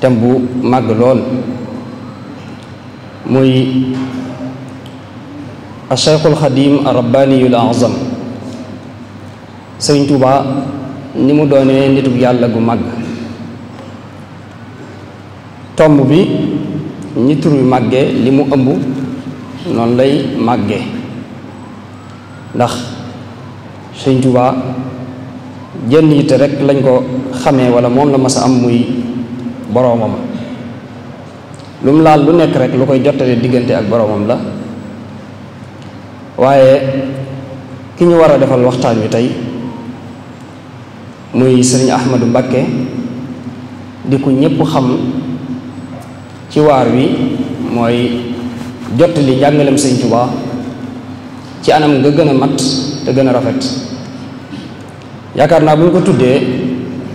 thème bu màgg lool muy asheikhul xadim arabbaniyul azam sëriñ Tuuba ni mu doonee nitub yàlla gu màgg tomb bi ñi tur wi màggee li mu ëmb noonu lay màggee ndax sëriñ Tuuba jenn yitte rek lañ ko xamee wala moom la mas a am muy boroomam lu mu laal lu nekk rek lu koy jottale diggante ak boroomam la waaye ki ñu war a defal waxtaan wi tey muy sëriñ Ahmadou Mbakke di ku ñépp xam ci waar wi mooy jottali njàngalem sëriñ Tuubaa ci anam nga gën a mat te gën a rafet yaakaar naa bu ñu ko tuddee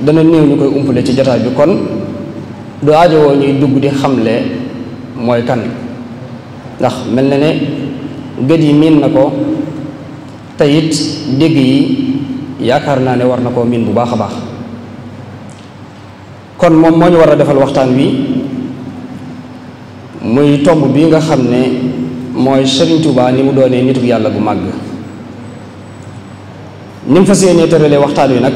dana néew ñu koy umpale ci jotaay bi kon du aajo woo ñuy dugg di xamle mooy kan ndax mel na ne gët yi miin na ko te it dégg yi yaakaar naa ne war na koo miin bu baax a baax kon moom moo ñu war a defal waxtaan wi muy tomb bi nga xam ne mooy Serigne Touba ni mu doonee nitu yàlla bu màgg ni mu fas tëralee waxtaan wi nag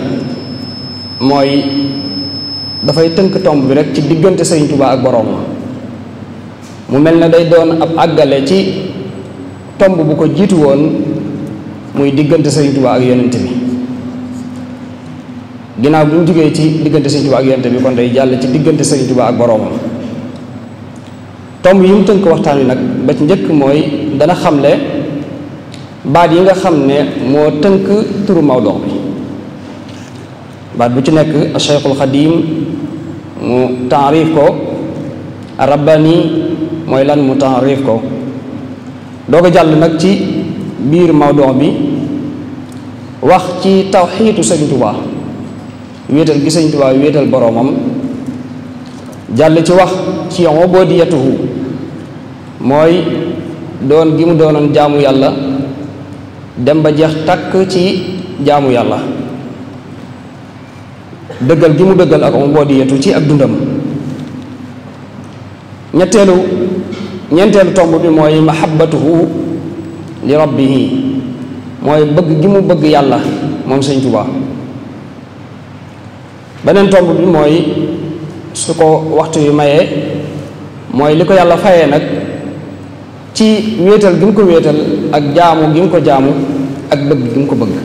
mooy dafay tënk tomb bi rek ci diggante sëriñ Tuubaa ak boroom mu mel ne day doon ab àggale ci tomb bu ko jiitu woon muy diggante sëriñ Tuubaa ak yonent bi ginnaaw bi mu ci diggante sëriñ Tuubaa ak yonent bi ko day jàll ci diggante sëriñ Tuubaa ak boroomam tomb yi mu tënk waxtaan wi nag ba ci njëkk mooy dana xamle baat yi nga xam ne moo tënk turu Maodo bi baat bu ci nekk Cheikhul Xadim mu taarif ko rabbani mooy lan mu taarif ko doo ko jàll nag ci biir mawdon bi wax ci tawxiitu sëñ Tuubaa wéetal gi sëñ Tuubaa wéetal boroomam jàll ci wax ci ubudiyatuhu mooy doon gi mu doonoon jaamu yàlla dem ba jeex takk ci jaamu yàlla dëggal gi mu dëggal ak ubuudiyatu ci ak dundam ñetteelu ñeenteelu tomb bi mooy mahabbatuhu li rabbihi mooy bëgg gi mu bëgg yàlla moom sëñ Tuubaa beneen tomb bi mooy su ko waxtu yu mayee mooy li ko yàlla fayee nag ci wéetal gi mu ko wéetal ak jaamu gi mu ko jaamu ak bëgg gi mu ko bëgg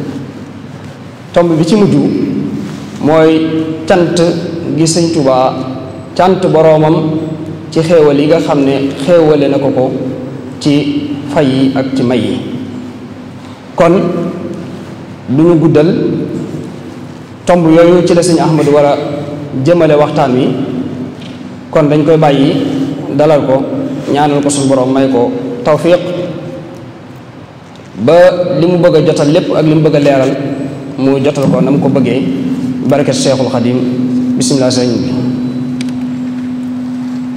tomb bi ci mujj mooy cant gi sëñ tubaa cant boroomam ci xéewal yi nga xam ne xéewale na ko ko ci fay yi ak ci may yi kon du ñu guddal tomb yooyu ci la sëñ Ahmadu war jëmale waxtaan wi kon dañ koy bàyyi dalal ko ñaanal ko suñu boroom may ko tawfiq ba li mu bëgg a jotal lépp ak li mu bëgg a leeral mu jotal ko na mu ko bëggee barakat Cheikhul Xadim bisimilah sëñ bi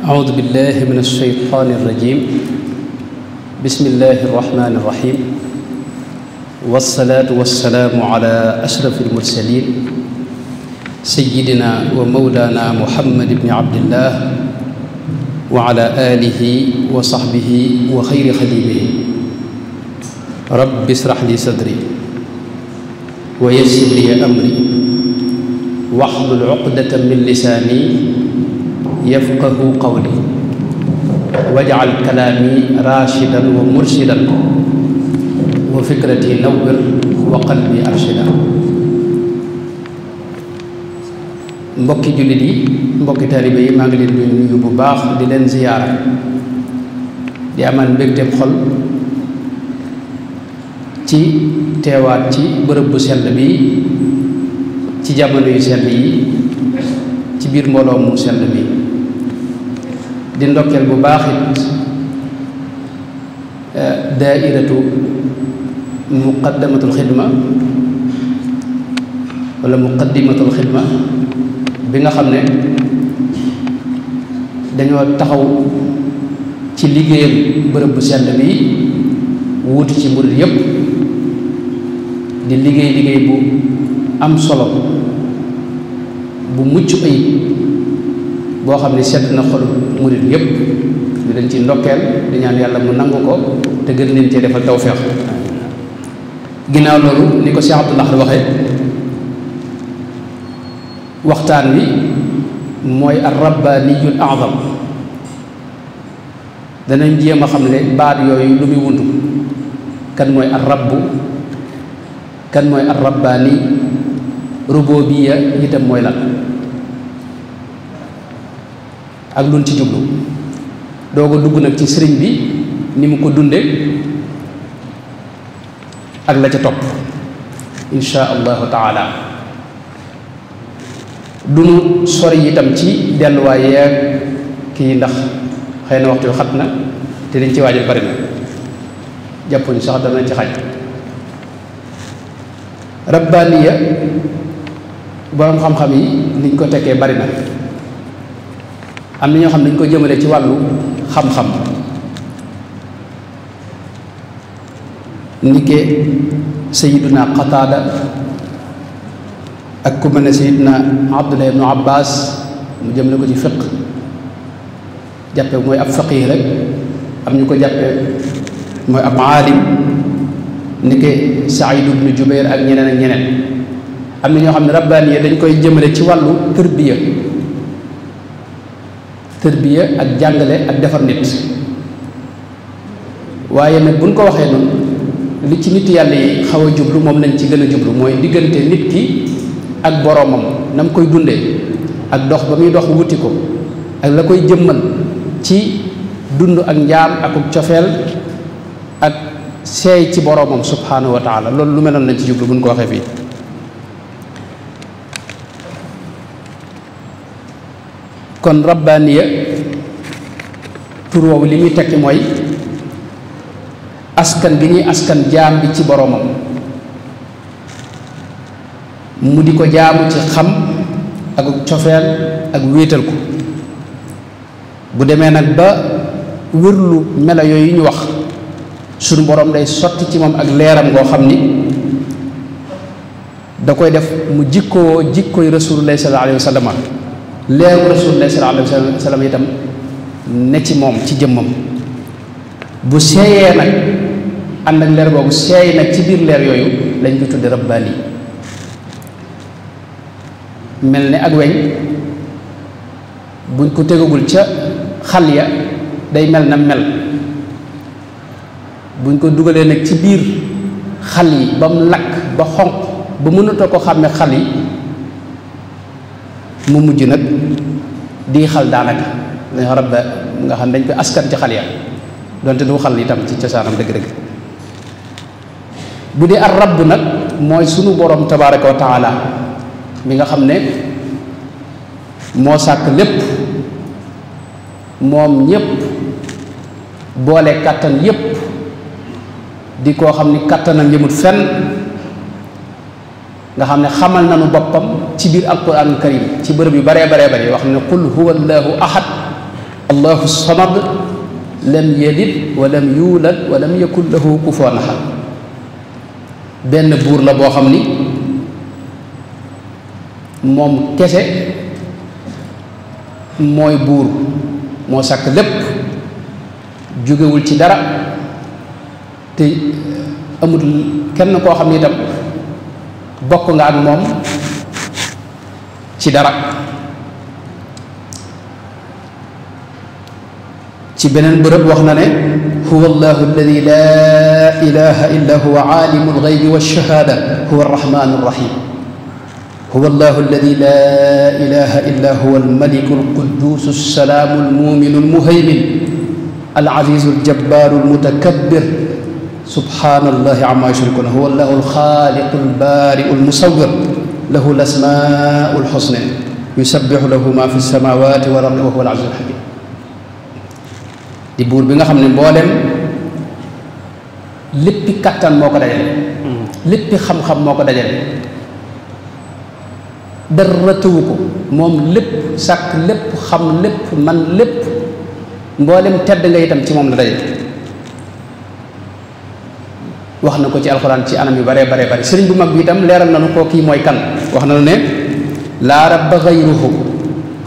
aoudu billahi min alsheytan irrajim bismillahi irrahmani irrahim walsalaatu walsalaamu ala ashraf almursalin sayidina wa maulana muhammad ibni abdillah wa ala alihi wa sahbihi wa xayri xadimihi rabbi israh li sadri wa yassir li amri waxlul uqdata min lisaani yafqahu qawli wajcal kalaami raashidan wa murshidan wa fikrati nawwir wa qalbi arshida mbokki jullit yi mbokki taalibe yi maa ngi leen di bu baax di leen ziyaara di amaan mbégteem xol ci teewaat ci bërëb bu sell bi ci jamono yu sell yi ci biir mbooloo mu sell bi di ndokkeel bu baax it eh, daairatu muqaddamatul xidma wala muqaddimatul xidma bi nga xam ne dañoo taxaw ci liggéeyam bërëb bu sell bi wuuti ci murit yépp di liggéey liggéey bu am solo bu mucc ayib boo xam ne sedd na xol murit yépp ñu leen ci ndokkeel di yàlla mu nangu ko te gën leen cee defal tawféex ginnaaw loolu ni ko Cheikh Abdoulaye waxee waxtaan wi mooy ar-rabbaniyul a'zam danañ jéem a xam ne baat yooyu lu muy wundu kan mooy ar kan mooy ar rububiya itam mooy lan ak luñ ci jublu doog a dugg nag ci sëriñ bi ni mu ko dunde ak la ca topp insha allahu taala duñu sori itam ci delluwaay ak kii ndax xëy na waxtu yu xat na te dañ ci waajal bari na jàppuñ sax danañ ci xaj rabbaniya boroom xam-xam yi niñ ko tekkee bari na am na ñoo xam ne dañ ko jëmalee ci wàllu xam-xam nike sayiduna qataada ak ku mel ne sayiduna abdullah ibnu abbas mu jëmale ko ci fiq jàppe mooy ab faqih rek am ñu ko jàppe mooy ab aalim nike saïd ibnu jubair ak ñeneen ak ñeneen am na ñoo xam ne rabbaaniya dañ koy jëmale ci wàllu tërbiya tërbiya ak jàngale ak defar nit waaye nag buñ ko waxee noonu li ci nit yàlla yi xaw a jublu moom lañ ci gën a jublu mooy diggante nit ki ak boroomam na mu koy dundee ak dox ba muy dox wuti ko ak la koy jëmmal ci dund ak njaam ak cofeel ak seey ci boroomam subhaanahu wa taala loolu lu meloon lañ ci jublu buñ ko waxee fii kon rabbaaniya pour woowu li muy tekki mooy askan gi ñuy askan jaam bi ci boroomam mu di ko jaamu ci xam ak cofeel ak wéetal ko bu demee nag ba wërlu melo yooyu ñu wax suñu boroom day sotti ci moom ak leeram ngoo xam ni da koy def mu jikkoo jikkooy rasulullah sallallahu alayhi leeru rasulullah sallallahu wa sallam itam ne ci moom ci jëmmam bu seeyee nag am ak leer boobu seey nag ci biir leer yooyu lañ ko tudde rabbaani mel ni ak weñ buñ ko tegagul ca xal ya day mel na mel buñ ko dugalee nag ci biir xal yi ba mu lakk ba xonq ba mënatoo ko xàmme xal yi mu mujj nag di xal daanaka dañoo rab ba nga xam ne dañ koy askan ci xal ya donte du xal itam ci cosaanam dëgg-dëgg bu dee rab bu nag mooy sunu borom tabaraka wa taala mi nga xam ne moo sàkk lépp moom ñépp boole kàttan yépp di koo xam ni kàttanam yëmut fenn nga xam ne xamal na nañu boppam ci biir alquranul karim ci bërëb yu baree baree bare wax ne qul huwa allahu ahad allahu samad lam yalid wa lam yuulad wa lam yakun lahu kufuwan benn buur la boo xam ni moom kese mooy buur moo sàkk lépp jógewul ci dara te amul kenn koo xam ni itam bokk nga ak moom ci dara ci beneen bërëb wax na ne huwa allahu alladi laa ilaha illa huwa aalimu alxaybi walshahada huwa arrahman arrahim huwa allahu alladi laa ilaha illa huwa almaliku alquddus alsalaamu almuminu almuhaymin alazizu aljabbaru almutakabbir subhaanallahi ammaa yushrikuun huwa allahu alxaaliqu albaariu almusawwir lahu alasmaau alxusna yusabbihu lahu maa fi samaawaati wal ardi wa huwa alaziizu alxakiim di buur bi nga xam ne mboolem léppi kattan moo ko dajale léppi xam-xam moo ko dajale dara tëwu ko moom lépp sàkk lépp xam lépp man lépp mboolem tedd nga itam ci moom la dajale wax na ko ci alxuraan ci anam yu baree baree bari sëriñ bu mag bi itam leeral na nu ko kii mooy kan wax na nu ne laa rabba gayruhu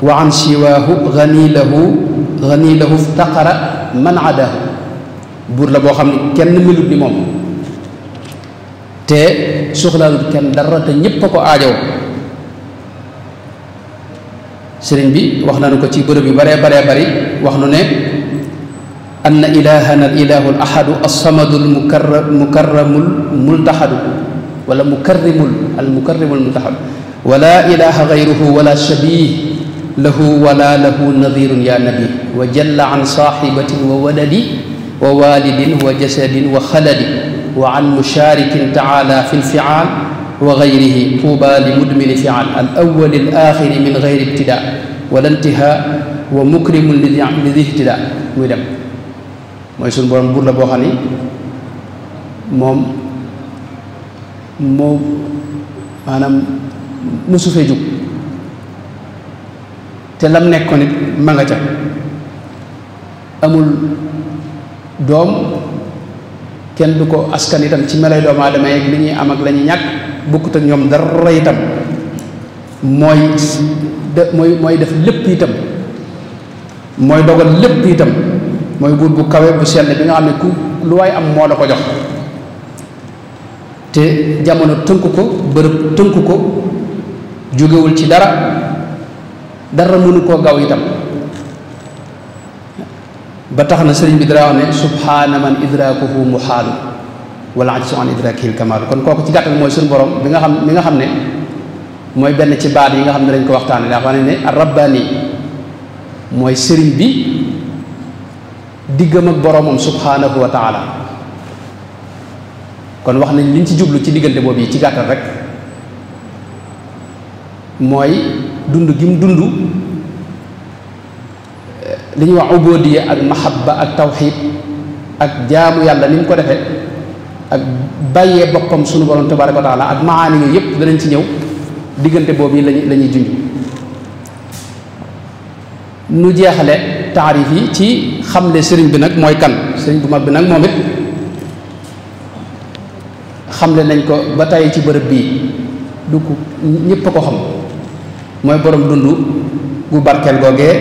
wa an siwaahu gani lahu gani lahu ftaqara man buur la boo xam ne kenn melut ni moom te soxlaalul kenn dara te ñépp a ko aajow sëriñ bi wax na nu ko ci bërëb yu baree baree bari wax nu ne anna ilahana al ilahu al ahadu alsamadu almukarramul multaxadu wala mukarrimul al mukarrimul multaxadu wala ilaha gayruhu wala shabih lahu wala lahu nadirun ya nabi wa jalla an saxibatin wa waladi wa walidin wa jasadin wa xaladi wa an musharikin taala fi lfial wa gayrihi tuuba li mudmini fial al awali al axiri min gayri ibtida wala intiha wa mukrimun li di ihtidaa muy dem mooy suñu borom buur la boo xam ni moom moo maanaam mosu fee jug te lam nekkoon it ma nga ca amul doom kenn du ko askan itam ci melay doom aadama yeeg li ñuy am ak la ñuy ñàkk bokkut ak ñoom dara itam mooy de mooy mooy def lépp itam mooy dogal lépp itam mooy buur bu kawe bu sell bi nga xam ne ku lu waay am moo la ko jox te jamono tënk ko bërëb tënk ko jógewul ci dara dara mënu koo gaw itam ba tax na sëriñ bi dara wax ne subhaana man idrakuhu muhaalu wala ajsu an idrakihil kamaalu kon kooku ci gàttal mooy suñu borom bi nga xam mi nga xam ne mooy benn ci baat yi nga xam ne dañ ko waxtaane daa wax ne ne rabbani mooy sëriñ bi diggam ak boroomam subhaanahu wa taala kon wax nañ liñ ci jublu ci diggante boob yi ci gàttal rek mooy dund gi mu dund eh, li ñuy wax ubodiya ak mahabba ak tawxid ak jaamu yàlla ni mu ko defee ak bàyyee boppam sunu borom tabaraka wa ak maani yooyu yépp danañ ci ñëw diggante boobu yi lañuy lañuy junj nu jeexale taarif yi ci xam le sëriñ bi nag mooy kan sëriñ bu mag bi nag moom it xam le nañ ko ba tàyyi ci bërëb bii du ñépp a ko xam mooy borom dund gu barkeel googee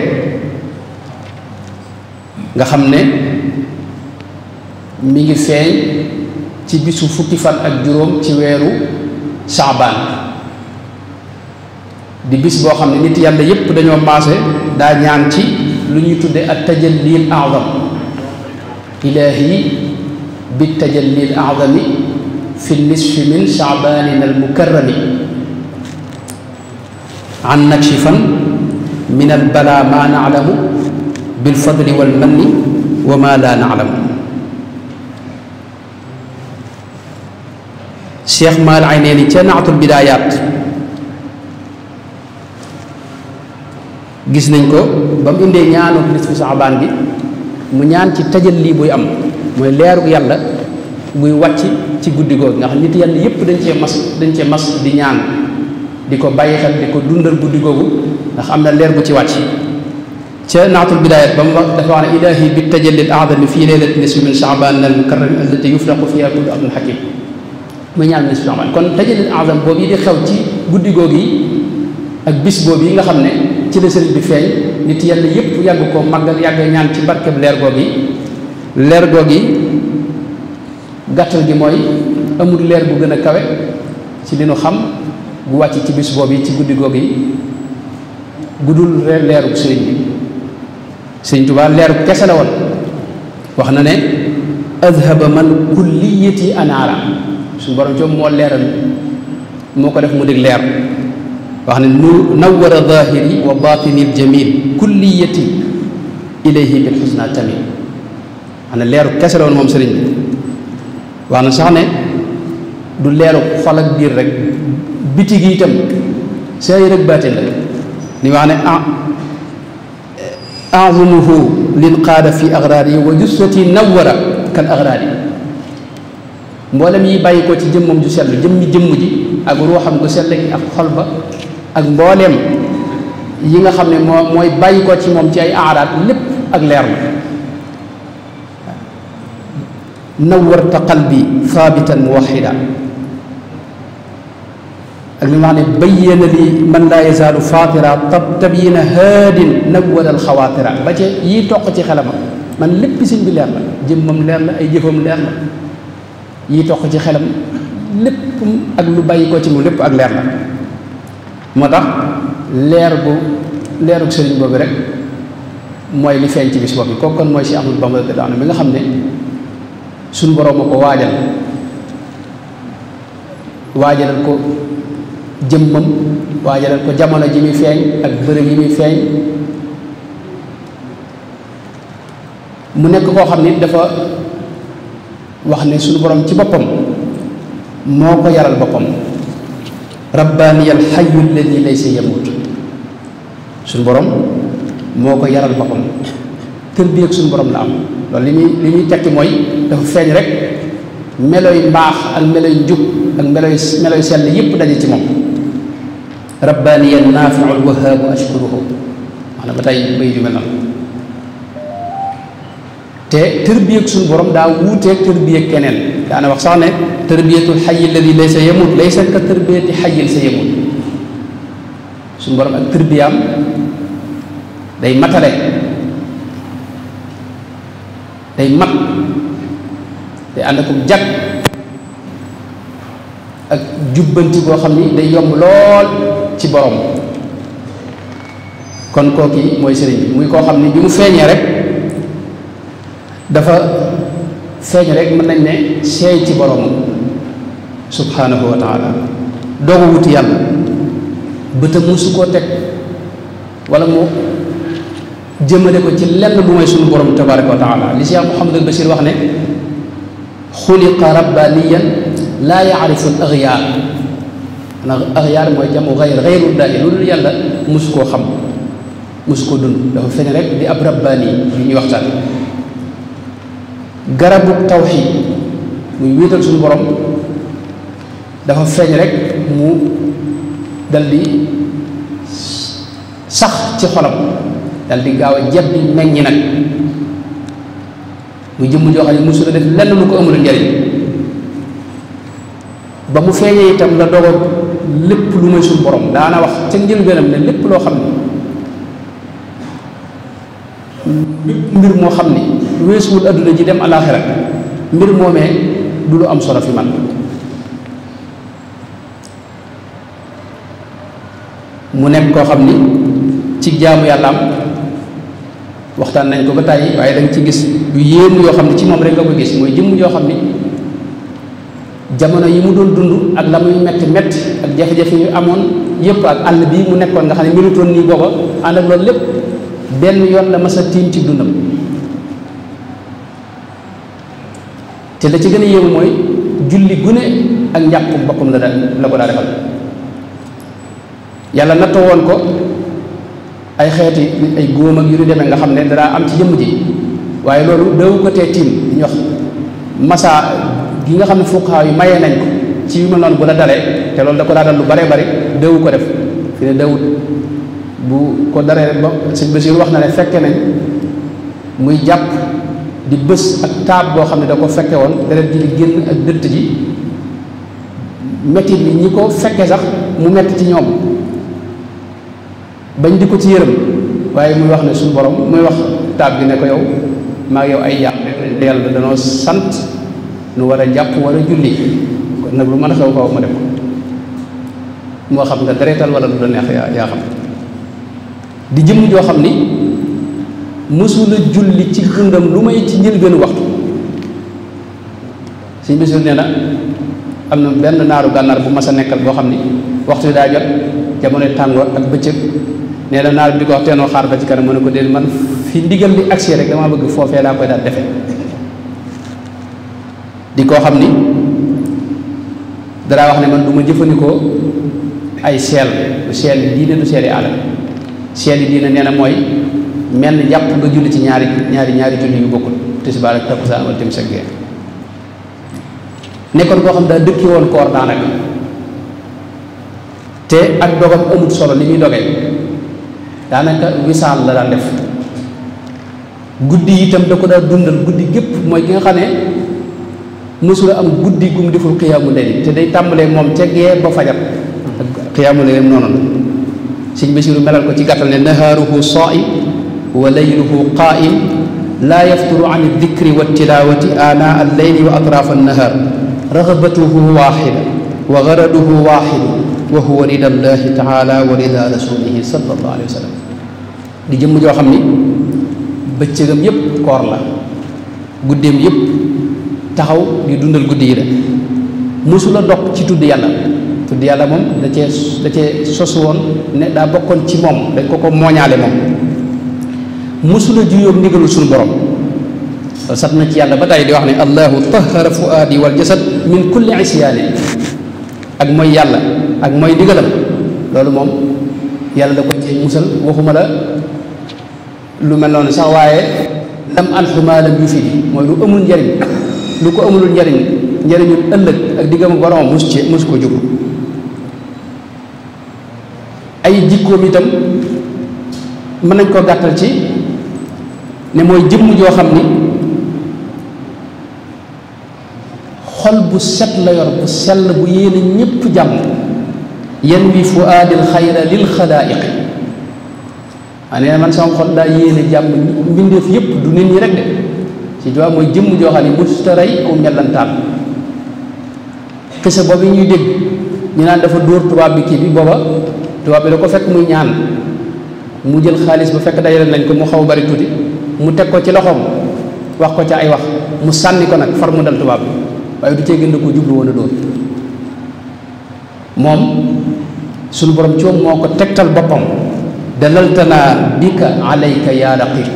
nga xam ne mi ngi feeñ ci bisu fukki fan ak juróom ci weeru saabaan di bis boo xam ne nit yàlla yépp dañoo maase daa ñaan ci lu ñuy tudde ak tajallil azam ilaahi bi tajallil azami fi nisfi min shaabaanina almukarrami an nakshifan min albala ma naalamu bilfadli walmanni wa ma la naalamu cheikh maal ay nee ni ca naatul bidaayaat gis nañ ko ba mu indee ñaanu nisfu saxabaan bi mu ñaan ci tajal lii buy am mooy leerug yàlla muy wàcc ci guddi googu ndax nit yàlla yépp dañ cee mas dañ cee mas di ñaan di ko bàyyi xel di ko dundal guddi googu ndax am na leer bu ci wàcc ca naatul bidaayat ba mu wax dafa wax ne ilahi bi tajalli al aadami fii leylati nisfi min chaabaan al mukarrami te yufraqu fiha kullu amrin hakim muy ñaan nisfi chaabaan kon tajalli al aadam boobu yi di xew ci guddi googu yi ak yi nga xam ne ci bi feeñ nit yàlla yépp yàgg ko màggal yàgg ñaan ci barkeb leer goog yi leer goog yi gàttal gi mooy amul leer bu gën a kawe ci li nu xam bu wàcc ci bis boobu yi ci guddi goog yi guddul leeru sëriñ bi sëriñ Tuubaa leeru kese la woon wax na ne azhaba man kulliyati anaara suñu borom coob moo leeral moo ko def mu dig leer wax ne nu nawara zahiri wa batini aljamil kulliyati ilayhi bil xusna tamil wax ne leeru kese la woon moom sëriñ bi wax na sax ne du leeru xol ak biir rek biti gi itam saay rek baatin la ni wax ne azimuhu lin qaada fi agraari wa jussati nawara kal agraari mboolem yi bàyyi ko ci jëmmam ju sell jëmmi jëmm ji ak ruuxam gu sell gi ak xol ba ak mbooleem yi nga xam ne moo mooy bàyyi ko ci moom ci ay aaraat lépp ak leer la nawarta qalbi thabitan muwaxida ak li wax ne bayyana li man laa yazaalu fatira tab tabyina haadin nawwalal xawaatira ba ci yii toq ci xelamam man lépp sëñ bi leer la jëmmam leer la ay jëfam leer la yii toq ci xelam lépp ak lu bàyyi ko ci moom lépp ak leer la moo tax leer bu leerug sëriñ boobu rek mooy li feeñ ci bis boobu kooku kon mooy si amul Bamba da mi nga xam ne suñu boroom ko waajal waajalal ko jëmmam waajalal ko jamono ji muy feeñ ak bërëb yi muy feeñ mu nekk koo xam ne dafa wax ne sunu boroom ci boppam moo ko yaral boppam rabbaani al xayu alladi laysa yamut suñu borom moo ko yaral boppam tërbiya ak suñ borom la am loolu li muy li muy tekki mooy dafa feeñ rek meloy mbaax ak meloy njub ak meloy meloy sell yépp daje ci moom rabbaani al naafiu al wahaabu ashkuruhu maanaam ba tey bay ju mel te tërbiyeeg suñu borom daa wuuteeg tërbiyeeg keneen daana wax sax ne tërbiyatul xayi alladi laysa yamut laysa ka tërbiyati xayil sa yamut suñu borom ak tërbiyaam day matale day mat day ànd akum jag ak jubbanti boo xam ni day yomb lool ci borom kon kooki mooy sëriñ bi muy koo xam ni bi mu feeñee rek dafa feeñ rek mën nañ ne seey ci boroomam subhaanahu wa taala doogu wuti yàlla bëtam musu koo teg wala mu jëmale ko ci lenn bu may suñu borom tabaraka wa taala li Cheikh Mouhamadul Bachir wax ne xuliqa rabbaniyan laa yaarifu l axyaar ndax axyaar mooy jamu xayr xayrul daali lu dul yàlla musu koo xam musu koo dund dafa feeñ rek di ab rabbaani yi ñuy waxtaan garabu tawxiid muy wéetal suñu borom dafa feeñ rekk mu daldi sax ci xolam dal di gaaw a jebbi meññi nag muy jëmm jox xam ne mosul a def lenn lu ko amul njariñ ba mu feeñee itam la dogal lépp lu may suñu borom daana wax ca njëlbeenam ne lépp loo xam ne ngir moo xam ne weesuwul adduna ji dem alaaxira mbir moomee du lu am solo fi man mu nekk koo xam ni ci jaamu yàllaam waxtaan nañ ko ba tàyyi waaye da ci gis yu yéemu yoo xam ne ci moom rek nga ko gis mooy jëmm yoo xam ni jamono yi mu doon dund ak la muy metti metti ak jafe-jafe yu amoon yëpp ak àll bi mu nekkoon nga xam ne mbirutoon nii booba ànd ak loolu lépp benn yoon la mas tiim ci dundam te la ci gën a yéemu mooy julli gune ak njàpp boppam la da la ko daa defal yàlla nattoo woon ko ay xeeti ay góom ak yu ñu demee nga xam ne danaa am ci jëmm ji waaye loolu daw ko tee tiim li ñuy wax gi nga xam ne fuqaa yi mayee nañ ko ci yu ma noonu bu la dalee te loolu da ko daa dal lu baree bari daw ko def fi ne dawut bu ko daree ba sëñ Basiir wax na ne fekke nañ muy jàpp di bés ak taab boo xam ne da ko fekke woon deret ji di génn ak dëtt ji mettit bi ñi ko fekke sax mu metti ci ñoom bañ di ko ci yërëm waaye muy wax ne suñu borom muy wax taab bi ne ko yow maa yow ay yàq yàlla danoo sant nu war a jàpp war a julli kon nag lu mën a xew kaw ma def ko moo xam nga deretal wala lu la neex yaa yaa xam di jëm joo xam ni mësula julli ci dundam lu may ci njëlbéenu waxtu suñ bisul nee na am na benn naaru gànnaar bu mas a nekkal boo xam ni waxtu yi daa jot jamonoy tàngoor ak bëccëg nee na naar bi di ko wax teenoo xaar ba ci kanam mu ne ko déel man fi ndigal li agsi rek damaa bëgg foofee laa koy daal defe di koo xam ni daraa wax ne man du ma jëfandikoo ay seel du seel yi diine du seel yi àll seel yi diine nee na mooy mel ni jàpp nga julli ci ñaari ñaari ñaari julli yu bokkul tisbaar ak takkusaan wala timis ak gee nekkoon koo xam daa dëkki woon koor daanaka te ak dogam amut solo li muy dogee daanaka wisaal la daan def guddi itam da ko daa dundal guddi gépp mooy ki xam ne mësula am guddi gum deful xiyaamu layli te day tàmbalee moom ca gee ba fajar xiyaamu layli noonu la sëñ Basiru melal ko ci gàttal ne nahaaruhu saa'i wa layluhu qaa'im laa yafturu an aldikri waltilawati aanaa alleyli wa atraaf annahaar raxabatuhu waaxida wa garaduhu waaxidu wa huwa rida allahi taala wa rida rasulihi sallallahu alayhi wa di jëmm joo xam ni bëccëgam yépp koor la guddeem yépp taxaw di dundal guddi yi rek mosula dog ci tudd yàlla tudd yàlla moom da cee da cee sos woon ne daa bokkoon ci moom dañ ko ko mooñaale moom mosula juyoog ndigalul suñu borom sat na ci yàlla ba tey di wax ne allahu tahara fuaadi wal jasad min kulli isyaani ak mooy yàlla ak mooy ndigalam loolu moom yàlla da ko ci musal waxuma la lu mel noonu sax waaye lam anxuma fi yufi mooy lu amul njariñ lu ko amulul njariñ njariñul ëllëg ak diggam borom mos ci mos ko jug ay jikkoom itam mën nañ ko gàttal ci ne mooy jëmm joo xam ne xol bu set la yor bu sell bu yéene ñépp jàmm yan wi fuaadil xayra lil xalaaiqi waa ah, nee na man sama xol daa yéene jàmm mbindeef yépp du nit ñi rek de ci joa mooy jëmm joo xam ne mustaray aw mellantaan xisa boobu ñuy dégg ñu naan dafa dóor tubaab bi kii bi booba tubaab bi da ko fekk muy ñaan mu jël xaalis ba fekk dajale nañ ko mu xaw bari tuuti mu teg ko ci loxoom wax ko ci ay wax mu sànni ko nag far mu dal tubaab bi waaye du cee gën da jublu woon a dóor moom sunu borom ci moom moo ko tegtal boppam dalaltanaa bika alayka yaa raqib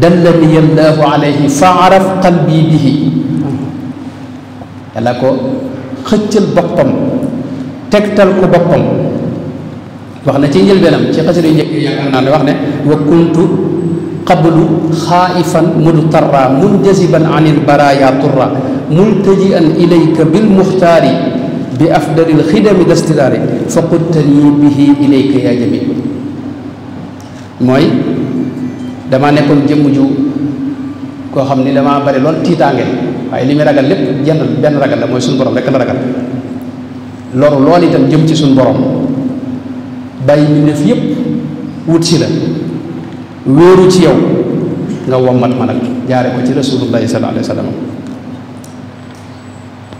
dallani allahu alayhi fa araf qalbi bihi yàlla ko xëccal boppam tegtal ko boppam wax na ci njëlbeenam ci xasida yu njëkk yaakaar naa ne wax ne wa kuntu qablu xaaifan mudtarra munjaziban an il baraya turra multajian ilayka bil muxtaari bi afdalil xidami dastidaari fa quttani bihi ilayka yaa jamil mooy jëmm ju koo xam ni dama bari lool tiitaange waaye li muy ragal lépp jenn benn ragal la mooy suñu borom rek la ragal loru lool itam jëm ci suñu borom bàyyi mbindéef yépp wut si la wéeru ci yow nga wommat ma nag jaare ko ci rasulullahi sallallahu alayhi wa sallam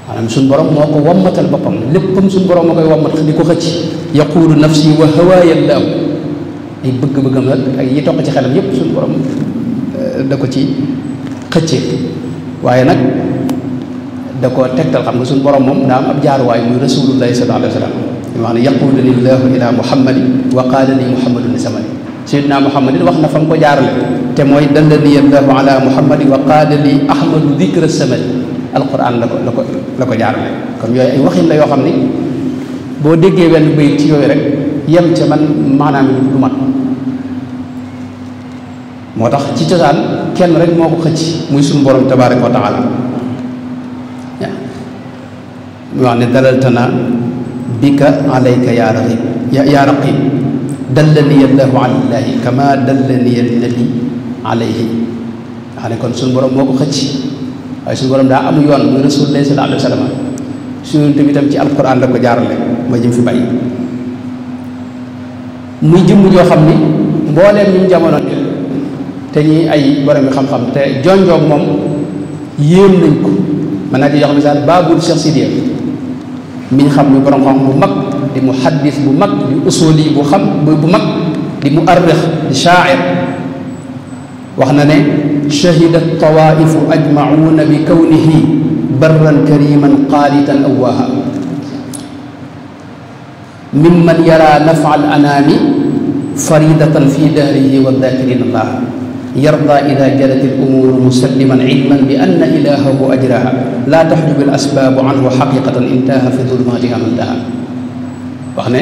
maanaam suñ borom moo ko wommatal boppam léppam suñ borom moo koy wommat ni ko xëcc yaquulu nafsi wa hawaaya la am ay bëgg-bëggam nag ak yi toq ci xelam yépp suñ borom euh, da ko ci xëccee waaye nag da ko tegtal xam nga suñ borom moom daa am ab jaaruwaay muy rasulullahi sallallahu alayhi a maanaam yaqulu ni llahu ila muhammadin wa qaala li muhammadun li samadi sayidna muhammadin wax na fa mu ko jaarale te mooy dalla ni llahu ala muhammadin wa qaala li ahmadu dikra samadi alquran la ko la ko la ko jaarale comme yooyu ay waxin la yoo xam ni boo déggee wenn bayit ci yooyu rek yem ca man maanaam du mat moo tax ci cosaan kenn rek moo ko muy suñu borom tabaraka wa taala wax ne dalaltana bika alayka yaa raqib yaa raqib dallani allahu ala illahi kama dallani alladi alayhi ne kon suñu borom moo ko xëcc waaye suñu borom daa am yoon muy rasulullah sallallahu alayhi wa sallam suñu itam ci alquran la ko jaarale mooy jëm fi bàyyi muy jëmm joo xam ni mbooleem ñu jamono te ñuy ay borom yi xam-xam te jonjoog moom yéem nañ ko mën naa ci misaal baabul Cheikh mi ñu xam ne borom xam bu mag di mu xaddis bu mag di usuli bu xam bu mag di mu arrix di shaair wax na ne shahida tawaaifu ajmacuuna bi kawnihi barran kariman qaalitan awaaha mimman yara nafa al anaami faridatan fi dahrihi wa daakirina allaha yarda ida jarat al umuur musliman ilman bi anna ilahahu ajraha laa taxjub al asbaabu anhu xaqiqatan intaha fi dulmaatiha mantaha wax ne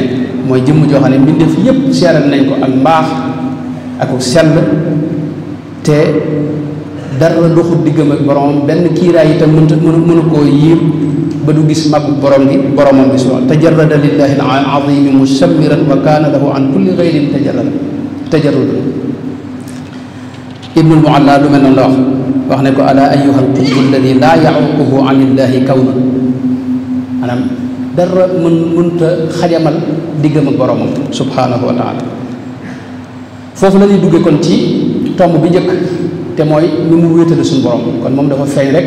mooy jëmm joo xam ne mbindeef yépp seeral nañ ko ak mbaax ak sell te dara doxul diggam ak boromam benn kiiraay itam mënta mënu koo yiim ba du gis màggu borom bi boromam bi soo tajarada lillahi al azimi musammiran wa kaana lahu an kulli gayrin tajarada tajarada ibnul mualla lu mel na la wax wax ne ko ala ayuha alqutbu alladi laa yaruquhu an illaahi kawna maanaam dara mën mënta foofu la ñuy dugge kon ci tomb bi njëkk te mooy ni mu wéetale suñu borom kon moom dafa feeñ rek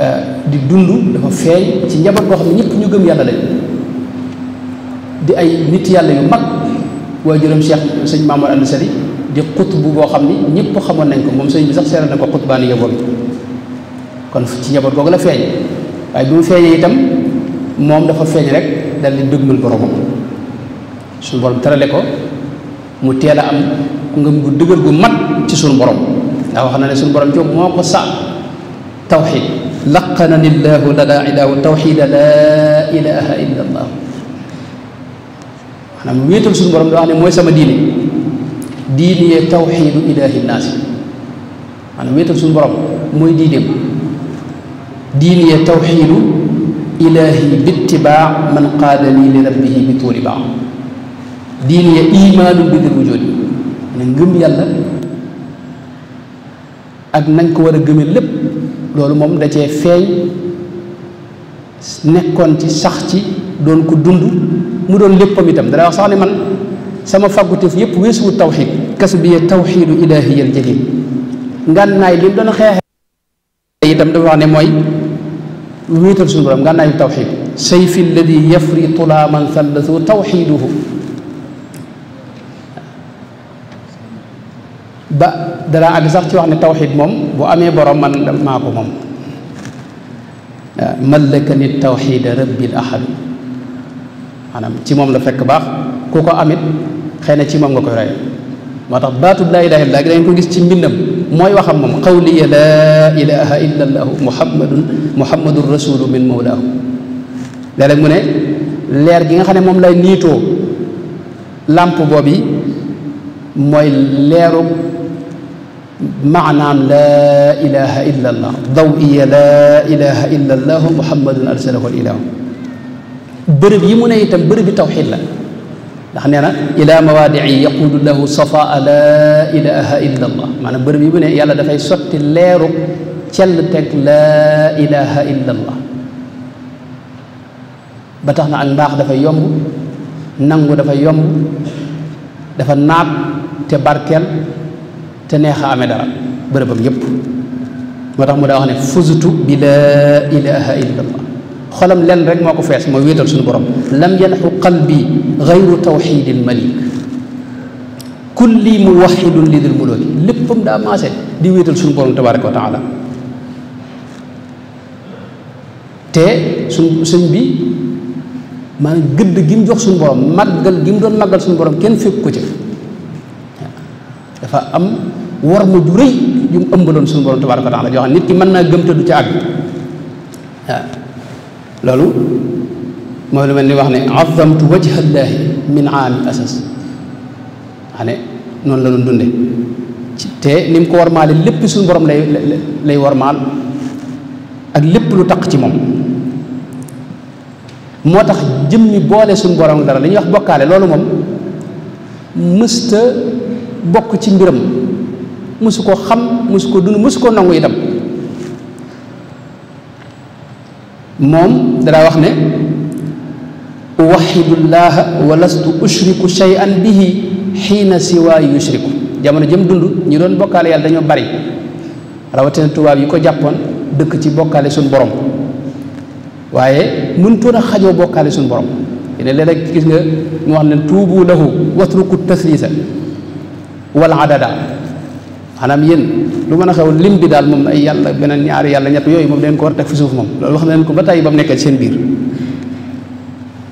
euh, di dund dafa feeñ ci njaboot boo xam ne ñu gëm yàlla lañ di ay nit yàlla yu mag waajuram Cheikh sëñ Mamadou Andi Sali di xutbu boo xam ne ñëpp xamoon nañ ko moom sëñ bi sax seeral na ko xutbaani ya boobu kon ci njaboot googu la feeñ waaye bi mu feeñee itam moom dafa feeñ rek dal di dëgmal boromam suñu borom ko mu teel am ngëm gu dëgër gu mat ci suñu borom ndax wax na ne suñu borom ci moo ko sa tawxid laqanani llahu lala ilaahu tawxida laa ilaha illa allah maanaam wéetal suñu borom doo wax ne mooy sama diine diine tawxiidu ilaahi naasi maanaam wéetal suñu borom mooy diineem diine tawxiidu ilaahi bittibaa man qaada lii li rabbihi bi tuuli baa diine imaanu bi dil wujoodi ne ngëm yàlla ak nañ ko war a gëme lépp loolu moom da cee feeñ nekkoon ci sax ci doon ko dund mu doon léppam itam dana wax sax ne man sama faggutif yépp weesuwu tawxid kas bi ya tawxidu ilahiyal jahil ngànnaay li mu doon xeexe itam dafa wax ne mooy wéetal suñu borom ngànnaayu tawxid sayfi alladi yafri tulaaman thallathu tawxiduhu ba dara àgg sax ci wax ne tawxid moom bu amee borom man maa ko moom mallakani tawxida rabbil ahad maanaam ci moom la fekk baax ku ko amit xëy na ci moom nga koy roye moo tax baatub laa ilaha illa dangeen ko gis ci mbindam mooy waxam moom qawliya laa ilaha illa allahu muhammadun muhammadun rasulu min mawlaahu léeg-léeg mu ne leer gi nga xam ne moom lay niitoo làmp boobu mooy leeru maanaam laa ilaha illa allah daw iya laa ilaha illa allahu muhammadun arsalahu al ilahu bërëb yi mu ne itam bërëbi tawxid la ndax nee na ila mawaadii yaquudu lahu safaa laa ilaha yi mu yàlla dafay sotti leeru cell teg laa ilaha illa ba tax na ak dafay dafa yomb nangu dafa yomb dafa naat te barkeel te neexa amee dara bërëbam yépp moo tax mu daa wax ne fuzutu bi laa ilaha illa xolam lenn rek moo ko fees mooy wéetal suñu borom lam yalxu qalbi gayru tawxidil malik kulli muwaxidun lidil mulooki léppam daa maase di wéetal suñu borom tabaraka wa taala te suñ sëñ bi maanaam gëdd gi mu jox suñu borom màggal gi mu doon màggal suñu borom kenn fekk ko ci dafa am war ma ju rëy yu mu ëmbaloon suñu borom tabaraka wa taala yoo xam nit ki mën naa gëm du ci àgg loolu mooy lu mel ni wax ne azamtu wajhallaahi min aami asas xam ne noonu la doon dunde te ni mu ko warmaale lépp suñ borom lay lay warmaal ak lépp lu taq ci moom moo tax jëmmi boole suñu borom dara li ñuy wax bokkaale loolu moom mësta bokk ci mbiram mësu ko xam mësu ko dund mësu ko nangu itam moom danaa wax ne uwaxidullaaha wa lastu ushriku shay'an bihi xiina siwa yushriku jamono jëm dund ñi doon bokkaale yàlla dañoo bari rawatina tubaab yi ko jàppoon dëkk ci bokkaale suñu borom waaye mënutoon a xajoo bokkaale suñu borom yéen léeg-léeg gis nga mu wax ne tuubu lahu watruku taslisa wal adada maanaam yéen lu mën a xew lim bi daal moom ay yàlla beneen ñaari yàlla ñett yooyu moom dañ ko war a teg fi suuf moom loolu wax na leen ko ba tey ba mu nekkee seen biir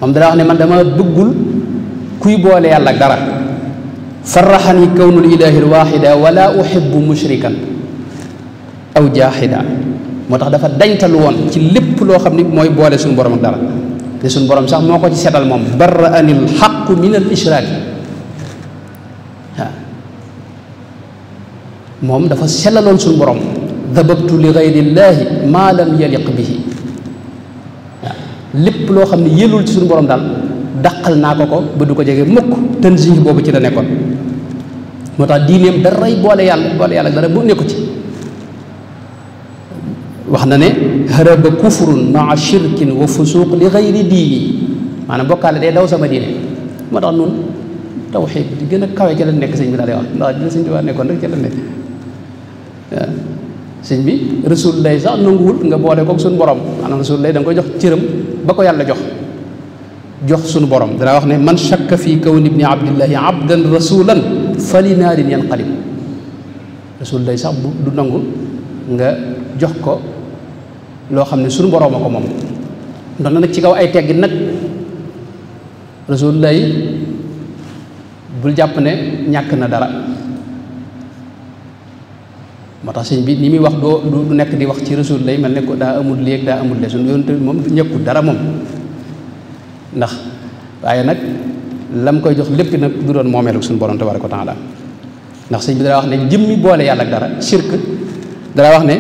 moom dana wax ne man dama bëggul kuy boole yàlla dara farraxani kawnul ilaahil waaxida wala uhibbu mushrikan aw jaaxida moo tax dafa dañtalu woon ci lépp loo xam ni mooy boole suñu borom ak dara te suñu borom sax moo ko ci setal moom barra anil xaqu min al moom dafa sellaloon suñu borom dababtu li gayrillaahi maa lam yaliq bihi waaw lépp loo xam ne yëlul ci suñu borom daal daqal naa ko ko ba du ko jege mukk tanzih boobu ci la nekkoon moo tax diineem daray boole yàlla boole yàlla dara bu nekku ci wax na ne haraba kufrun maa shirkin wa fusuuq li gayri diini maanaam bokkaale day daw sama diine moo tax nun tawxiid gën a kawe ca la nekk sëñ bi daal di wax ndax dina sëñ bi waa nekkoon rek ca sëñ bi rasul lay sax nanguwul nga boole kook suñu borom maanaam rasul lay da nga koy jox cëram ba ko yàlla jox jox sunu borom danaa wax ne man shakka fi kawn ibni abdillahi abdan rasulan fali naarin yanqalib rasul lay sax du nangu nga jox ko loo xam ne suñu borom ko moom ndox na nag ci kaw ay teggin nag rasul lay bul jàpp ne ñàkk na dara moo tax sëñ bi ni muy wax doo du nekk di wax ci rasul lay mel ne ko daa amul léeg daa amul le suñu yonte moom ñëkku dara moom ndax waaye nag lam koy jox lépp nag du doon moomeelu suñu borom ko wa taala ndax sëñ bi dara wax ne jëmmi boole yàlla ak dara shirk dara wax ne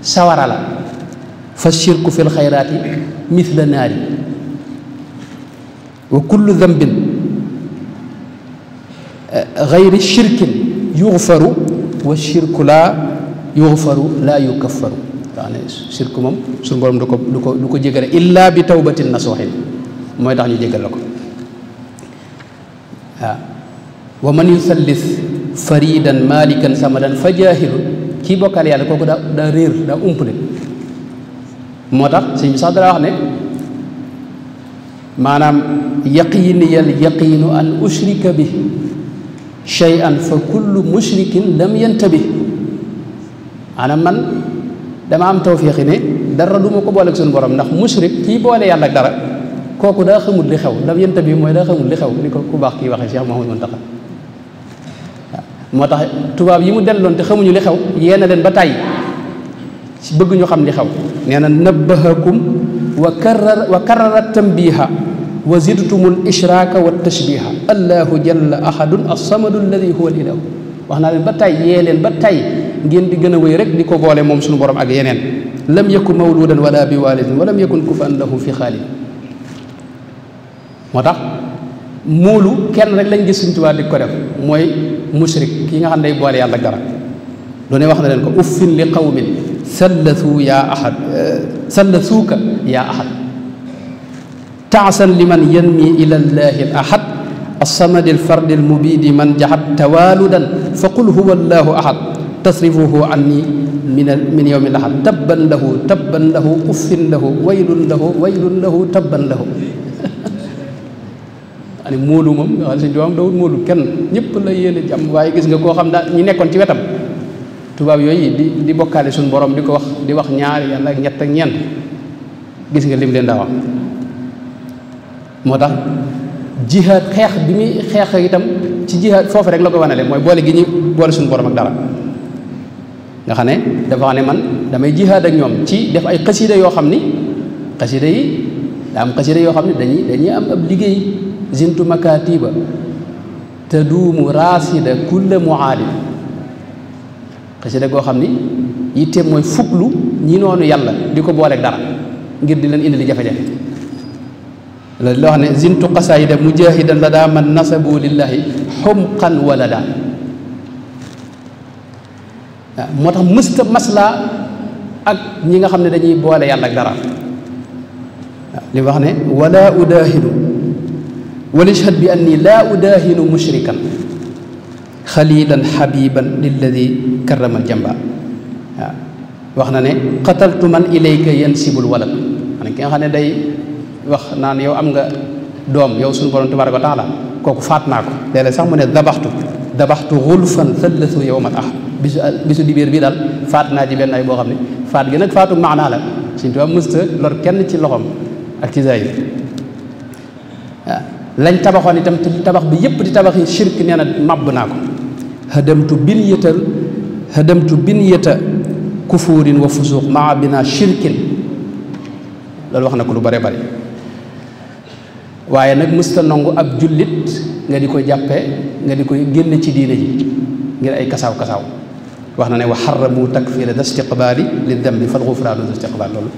sawara la fa shirku fil yi mithla naari wa kullu dambin eh, gayri shirkin yuxfaru wa shirku laa yuxfaru laa yukaffaru nga xam moom suñu borom du ko du ko du ko jégale illa bi na nasuuxin mooy tax ñu jégal la ko waaw wa man yusallis faridan malikan samadan fa jaahilun kii bokkaal yàlla kooku daa daa réer daa umpale moo tax sëñ bi sax dara wax ne maanaam yaqini yal yaqinu an ushrika bi shay'an fa kullu mushrikin lam yantabi maanaam man dama am tawfiixi ne dara duma ko booleeg suñu borom ndax mushrik kii boole yàlla ak dara kooku daa xamul li xew lam yantabi mooy daa xamul li xew ni ko ku baax kii waxee Cheikh Mouhamadou Mountakha moo tax tubaab yi mu delloon te xamuñu li xew yéena leen ba tàyyi ci bëgg ñu xam li xew nee na nabbahakum wa karrar wa karrara tambiha wa zidtumul ishraaka wa tashbiha allahu jalla ahadun assamadu alladi huwa al ilahu wax naa leen ba tay yee leen ba tay ngeen di gën a wéy rek ni ko boole moom suñu borom ak yeneen lam yakun mawludan wala bi walidin walam yakun kufan lahu fi xaalid moo tax muulu kenn rek lañ gis Sëñ Tuubaa di ko def mooy mushrik ki nga xam ne day boole yàlla dara ne wax na leen ko uffin li qawmin sallathu ya ahad sallasuuka yaa ahad taasan liman yanmi ila llahi l ahad alsamadi alfardi almubidi man jaxat tawaludan fa qul huwa allahu ahad tasrifuhu anni min min yowmi lahad tabban lahu tabban lahu uffin lahu waylun lahu waylun lahu tabban lahu moom nga xam ne sëñ Tuubaa kenn ñëpp la yéene jàmm waaye gis nga koo xam daal ñi nekkoon ci wetam tubaab yooyu di di bokkaale suñu boroom di ko wax di wax ñaari yàlla ak ñett ak gis nga lim leen daa wax moo tax jihaad xeex bi muy xeex itam ci jihaad foofu rek la ko wanale mooy boole gi ñu boole suñu borom ak dara nga xam ne dafa xam ne man damay jihaad ak ñoom ci def ay xasida yoo xam ni xasida yi am xasida yoo xam ne dañuy dañuy am ab liggéey zintu makaatiba te duumu raasida kulle muaadi xasida goo xam ni yitteem mooy fuklu ñii noonu yàlla di ko booleeg dara ngir di leen indi li jafe-jafe la loo xam ne zintu qasaayida mujahidan la daa man nasabu lillahi xumqan wala daa ah, moo tax mësta maslaa ak ñi nga xam ne dañuy boole yàlla ak dara ah, li wax ne wala udaahinu walishhad bi anni laa udaahinu mushrikan xalilan xabiban lilladi karramal jamba waaw ah, wax na ne qataltu man ilayka yansibul walad ki nga xam ne day wax naan yow am nga doom yow suñu borom tabaaraka wa taala kooku faat naa ko léeg sax mu ne dabaxtu dabaxtu xulfan thalathu yow ma bisu bisu dibéer daal faat naa ji benn ay boo xam ne faat gi nag faatu maanaa la Sëñ Tuubaa mësta lor kenn ci loxoom ak ci zahir waaw lañ tabaxoon itam tabax bi yëpp di tabax yi shirk nee na màbb naa ko hadamtu bin yëtal hadamtu bin yëta kufurin wa fusuuq maa bina shirkin loolu wax na ko lu bare bare waaye nag mësta nangu ab jullit nga di ko jàppe nga di koy génn ci diine ji ngir ay kasaaw kasaaw wax na ne wa xaramu takfira da istiqbaali li dem bi fal xufraanu da istiqbaal loolu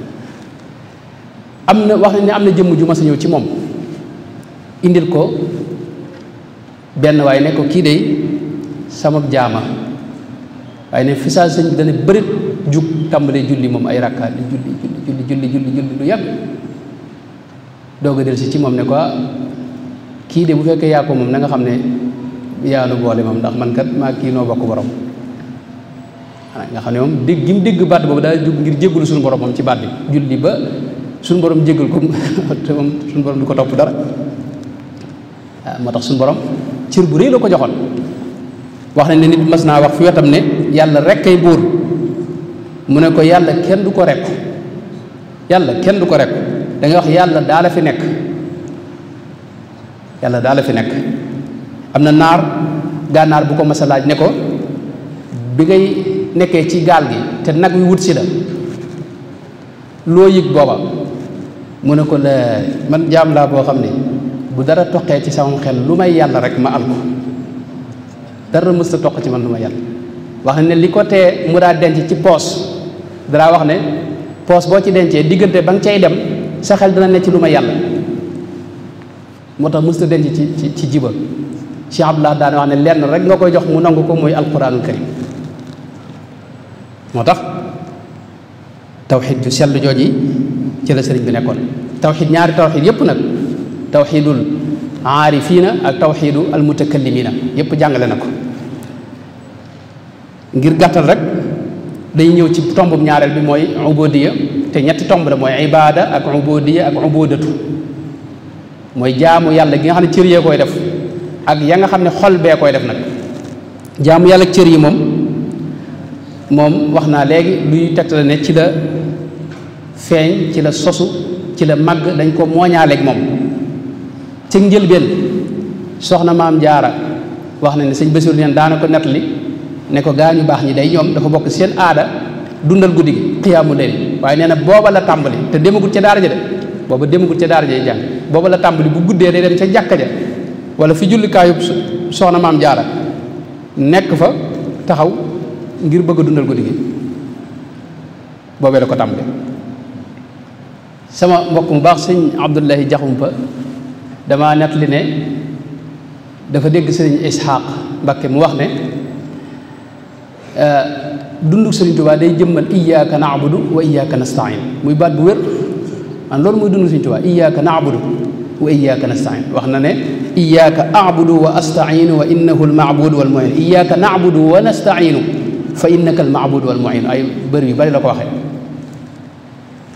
am na wax nañ ne am na jëmm juma mas a ci moom indil ko benn waaye ne ko kii day sama jaama waaye ne fisaa sëñ bi dana bërit jug tàmbalee julli moom ay rakkaat di julli julli julli julli julli lu yàgg doog a dellusi ci moom ne ko ah, kii de bu fekkee yaa moom na nga xam ne yaa boole moom ndax man kat maa kii noo bokk borom nga xam ne moom dégg gi mu dégg baat boobu daal jóg ngir jéggalu suñu borom moom ci baat bi julli ba suñu boroom jéggal ko te moom suñu borom du ko topp dara waaw ah, moo tax suñu boroom cër bu rëy la ko joxoon wax nañ ne nit mas naa wax fi wetam ne yàlla rek kay buur mu ne ko yàlla kenn du ko rekk yàlla kenn du ko rekk dangay ngay wax yàlla daala fi nekk yàlla daala fi nekk am na naar gànnaar bu ko mas a laaj ne ko bi ngay nekkee ci gaal gi te nag wi wut si la loo yëg booba mu ne ko la man jaam laa boo xam ne bu dara toqee ci sama xel lu may yàlla rek ma am ko dara mës ta toq ci man lu ma yàlla wax ne li ko tee mu daa denc ci poos daraa wax ne poos boo ci dencee diggante ba nga cay dem sa xel dana ne ci lu ma yàlla moo tax mësta denc ci ci ci jiba Cheikh Abdullah daana wax ne lenn rek nga koy jox mu nangu ko mooy alquranul karim moo tax tawxid ju sell jooji ci la sëriñ bi nekkoon tawxid ñaari tawxid yépp nag tawxidul aarifiina ak tawxidu almutakallimiina yépp jàngale na ko ngir gàttal rek dañu ñëw ci tombum ñaareel bi mooy ubodiya te ñetti tomb la mooy ibaada ak ubudiya ak ubudatu mooy jaamu yàlla gi nga xam ne cër yee koy def ak ya nga xam ne xol bee koy def nag jaamu yàlla ak cër yi moom moom wax naa léegi luy tegtale ne ci la feeñ ci la sosu ci la màgg dañ ko mooñaaleeg moom ci njëlbeen soxna maam jaara wax na ne sëñ bésul neen daanako ko nettali ne ko gaa ñu baax ñi day ñoom dafa bokk seen aada dundal guddi gi xiyaamu leen waaye nee na booba la tàmbali te demagul ca daara ja de booba demagul ca daara ja jàng booba la tàmbali bu guddee day dem ca jàkka ja wala fi jullikaayu soxna maam jaara nekk fa taxaw ngir bëgg dundal ko gi boobee la ko tàmbali sama mbokk mu baax sëñ Abdullahi Jaxumpa damaa nett li ne dafa dégg sëriñ Isxaaq Mbakke mu wax ne Euh, dunduk Sëriñ Tuubaa day jëmmal iyyaka na'budu wa iyyaka nasta'in muy baat bu wér man loolu muy dunduk Sëriñ Tuubaa iyyaka na'budu wa iyyaka nasta'in wax na ne iyyaka a'budu wa asta'inu wa innahu al-ma'budu wal mu'in iyyaka na'budu wa nasta'inu fa innaka al-ma'budu wal mu'in ay bër yu bari la ko waxee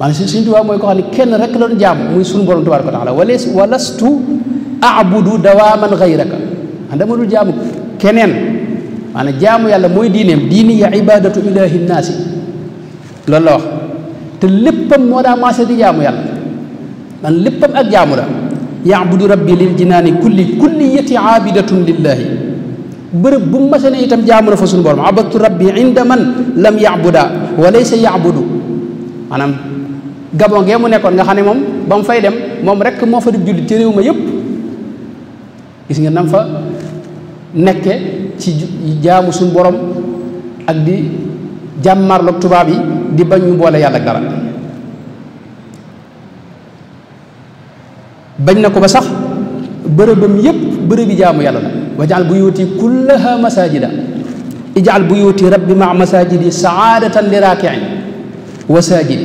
maanaam Sëriñ Tuubaa mooy ko xam ne kenn rek la doon jaam muy sunu borom tabaaraka wa ta'ala wala walastu a'budu dawaaman ghayraka dama dul jaamu keneen maanaam jaamu yàlla mooy diineem diini ya ibadatu ilahi naasi loolu la wax te léppam moo daa maase di jaamu yàlla man léppam ak jaamu la yaabudu rabbi lil jinaani kulli kulliyati aabidatun lillahi bërëb bu mu mase ne itam jaamu na fa suñu borom abadtu rabbi inda man lam yaabuda wa laysa yaabudu maanaam gabon gee mu nekkoon nga xam ne moom ba mu fay dem moom rek moo fa di jullit ci réew ma yépp gis nga nam fa nekke ci jaamu suñu borom ak di jàmmarloog tubaab yi di bañ ñu boole yàlla ak bañ na ko ba sax bërëbam yépp bërëbi jaamu yàlla la wajaal buyuti kullaha masajida ijaal buyuti rabbi ma masajidi saadatan li raakiin wa saajidi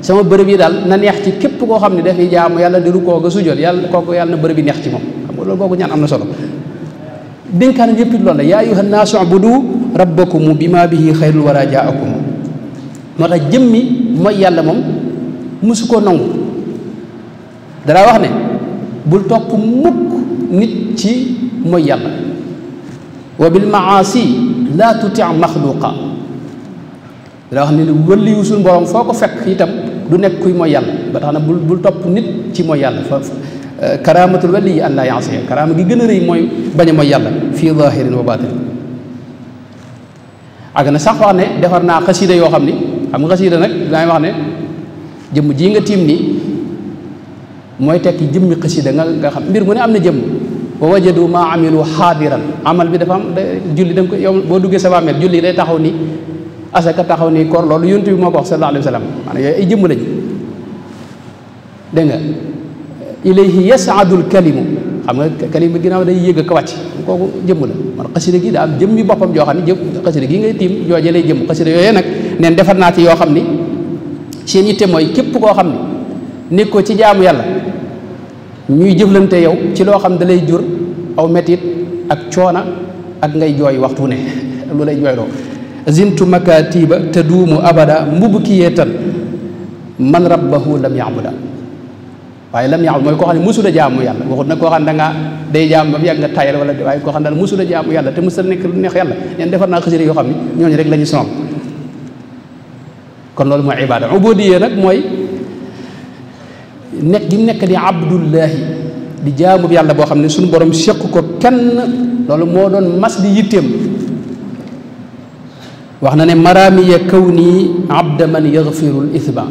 sama bërëb yi daal na neex ci képp koo xam ne dafay jaamu yàlla di rukkoo ga sujjoot yàlla kooku yàlla na bërëb yi neex ci moom xam nga loolu kooku ñaan am na solo dénkaane yëpp it loolu la yaa ayyuhan naasu ubudu rabbakum bimaa bihi xayrul waraa jaakum moo tax jëmmi mooy yàlla moom mosu ko nangu danaa wax ne bul topp mukk nit ci mooy yàlla wa bil maasi laa tuti maxluqa danaa wax ne wëlliwu suñu borom foo ko fekk itam du nekk kuy mooy yàlla ba tax na bul topp nit ci mooy yàlla karaamatul wali an laa yaasiya karaama gi gën a rëy mooy bañ a mooy yàlla fii zahirin wa batin ak na sax wax ne defar naa xasida yoo xam ni xam nga xasida nag dinaay wax ne jëmm jii nga tiim nii mooy tekki jëmmi xasida nga nga xam mbir mu ne am na jëmm wa wajadu ma amilu xaadiran amal bi dafa am julli da ko yow boo duggee sa bàmmeel julli day taxaw ni asaka taxaw ni koor loolu yonent bi moo ko wax sallallahu alayhi yooyu ay jëmm lañu dégg nga ilayhi yasaadul kalimu xam nga kalim bi ginaaw day yëg ak wàcc kooku jëmm la man xasida gi daa am jëmmi boppam joo xam ne jëm xasida gi ngay tiim jooje lay jëmm xasida yooyee nag neen defar naa ci yoo xam ni seen itte mooy képp koo xam ne nekkoo ci jaamu yàlla ñuy jëflante yow ci loo xam da lay jur aw metit ak coona ak ngay jooy waxtu ne lu lay jooyloo zintu makatiba taduumu abada mbubkiyee tan man rab rabbahu lam yaabuda waaye lam yaxul mooy koo xam ne musul a jaamu yàlla waxut nag koo xam ne da ngaa day jaam ba mu yàgg nga tayal wala waaye koo xam ne daal musul a jaamu yàlla te musul nekk yàlla ñeen defar naa xasida yoo xam ne ñooñu rek la ñu kon loolu mooy ibaada ubudiyya nag mooy nekk gi mu nekk di yàlla boo xam ne suñu borom seq ko kenn loolu moo doon mas di yitteem wax na ne maraamiya kaw nii abda man yaxfirul ithba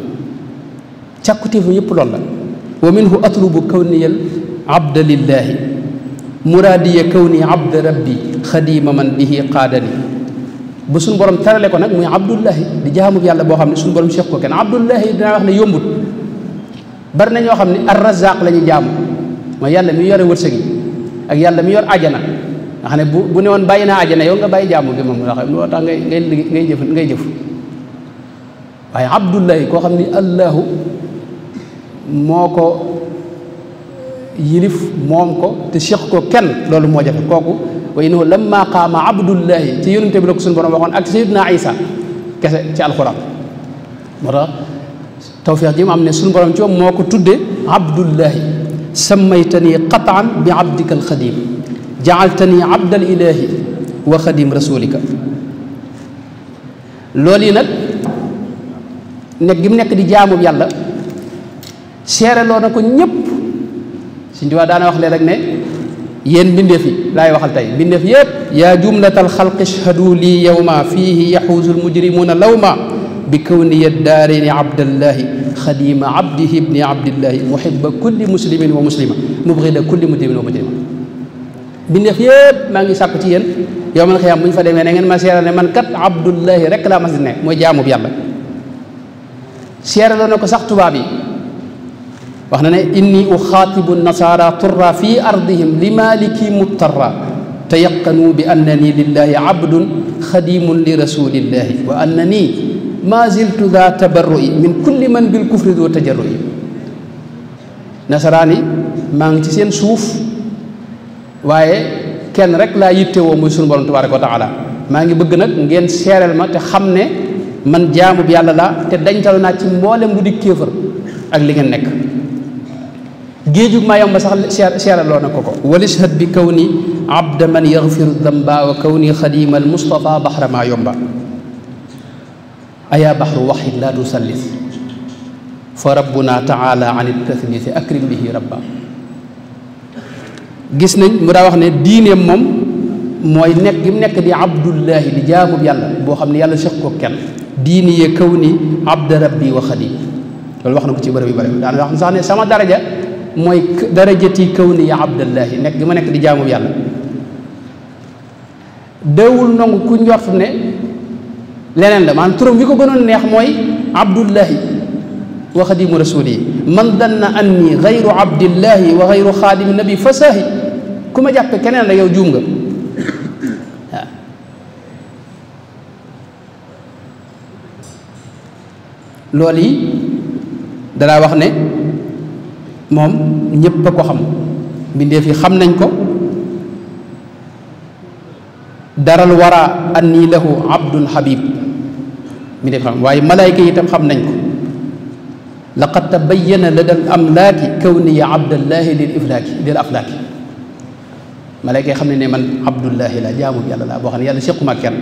càkkutéefu yëpp loolu la wa minhu atlubu kawniyal abda lillaahi muraadiya kawni abda rabbi xadiima man bihi qaadani ba suñu borom tarale ko nag muy abdullahi di jaamub yàlla boo xam ne suñu borom seex ko kenn abdullahi dinaa wax ne yombut bari na ñoo xam ne arrazaq la ñuy jaamu mooy yàlla mi yore wërsëg yi ak yàlla mi yor ajana nga ne bu bu ne woon bàyyi naa ajana yow nga bàyyi jaamu gi moom loo xam loo tax ngay ngay ngay jëf ngay jëf waaye abdullahi koo xam ni allahu moo ko yilif moom ko te séq ko kenn loolu moo jafe kooku wa innahu lamma qaama abdullahi ci yonente bi la ko suñu borom waxoon ak sayidna isa kese ci alxuraan moo tax tawfiix ji mu am ne suñu borom ci moom moo ko tudde abdullahi sammaytani qataan bi abdika alxadim jaaltani abdal ilahi wa xadim rasulika loolu yi nag nekk gi mu nekk di jaamu yàlla seere loo na ko ñépp suñ diwaa daana wax leen rek ne yéen mbindeef yi laay waxal tey mbindeef yépp yaa jumlatal xalqi shhadu lii yawma fiihi yaxuusu lmujrimuuna lawma bi kawni yaddaarini abdallahi xadima abdihi ibni abdillahi muhiba kulli muslimin wa muslima mubghida kulli mujrimin wa mujrima mbindeef yépp maa ngi sàkk ci yéen yow man xiyaam bu ñu fa demee na ngeen ma seeral ne man kat abdullahi rek laa mas ne mooy jaamub yàlla seeraloo na ko sax tubaab yi wax na ne inni uxaatibu nasaara turra fi ardihim li maliki muttarra tayaqanu bi annani lillahi abdun xadimun li rasulillahi wa annani ma ziltu daa tabarrui min kulli man bil kufri doo tajarrui nasaraan yi maa ngi ci seen suuf waaye kenn rek laa yitte woo muy sunu borom tabaraka wa taala maa ngi bëgg nag ngeen seereel ma te xam ne man jaamu bi yàlla laa te dañtal naa ci mboolem bu di kéefër ak li ngeen nekk géejug maa yomba sax seeraloo na ko ko walishhad bi kaw ni abda man yaxfiru damba wa kaw ni xadima al mustafa baxra maa fa rabbuna taala akrim bihi rabba gis nañ mu daa wax ne diineem moom mooy nekk gi mu nekk di abdullahi di jaamub yàlla boo xam ne yàlla seq ko kenn diini yee kaw ni abda rabbi wa xadim loolu wax na ko ci bërëb yu bëri daana wax ne sax ne sama daraja mooy darajati kawni ya abdallahi nekk gi ma nekk di jaamu yàlla dawul nangu ku njort ne leneen la maanaam turam wi ko gënoon neex mooy abdullahi wa xadimu rasuli man danna anni gayru abdillahi wa gayru xaadimi nabi fasaahi ku ma jàppe keneen la yow juum nga waaw loolu yi danaa wax ne moom ñépp a ko xam mbindeef yi xam nañ ko daral wara anni lahu abdun habib mbindeef xam waaye malaayka yi itam xam nañ ko la laqad tabayyana lada al amlaaki kawniya abdallahi lil iflaaki lil aflaaki malaayka yi xam ne ne man abdullahi la jaamu yàlla laa boo xam ne yàlla séquma kenn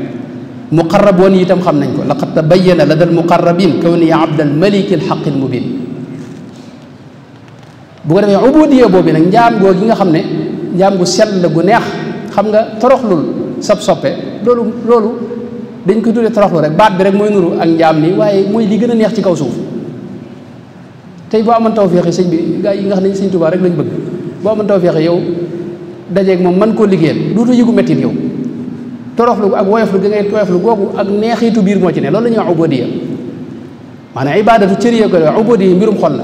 muqarraboon yi itam xam nañ ko laqad tabayyana lada al muqarrabin kawniya abdal maliki al xaqi al mubin bu ko defee ubudiya boobu nag njaam goo gi nga xam ne njaam gu sell la gu neex xam nga toroxlul sab soppe loolu loolu dañ ko tuddee toroxlu rek baat bi rek mooy nuru ak njaam nii waaye mooy li neex ci kaw suuf tey boo amoon tawféexi sëñ bi gaa yi nga xam ne sëñ Tuubaa rek lañ bëgg boo amoon tawféexi yow dajeeg moom man koo liggéeyal duutu yëgu mettit yow toroxlu ak woyoflu gi ngay woyoflu googu ak neexitu biir moo ci ne loolu la ñuy wax ubudiya maanaam ibadatu cëriye ko la ubudiya mbirum xol la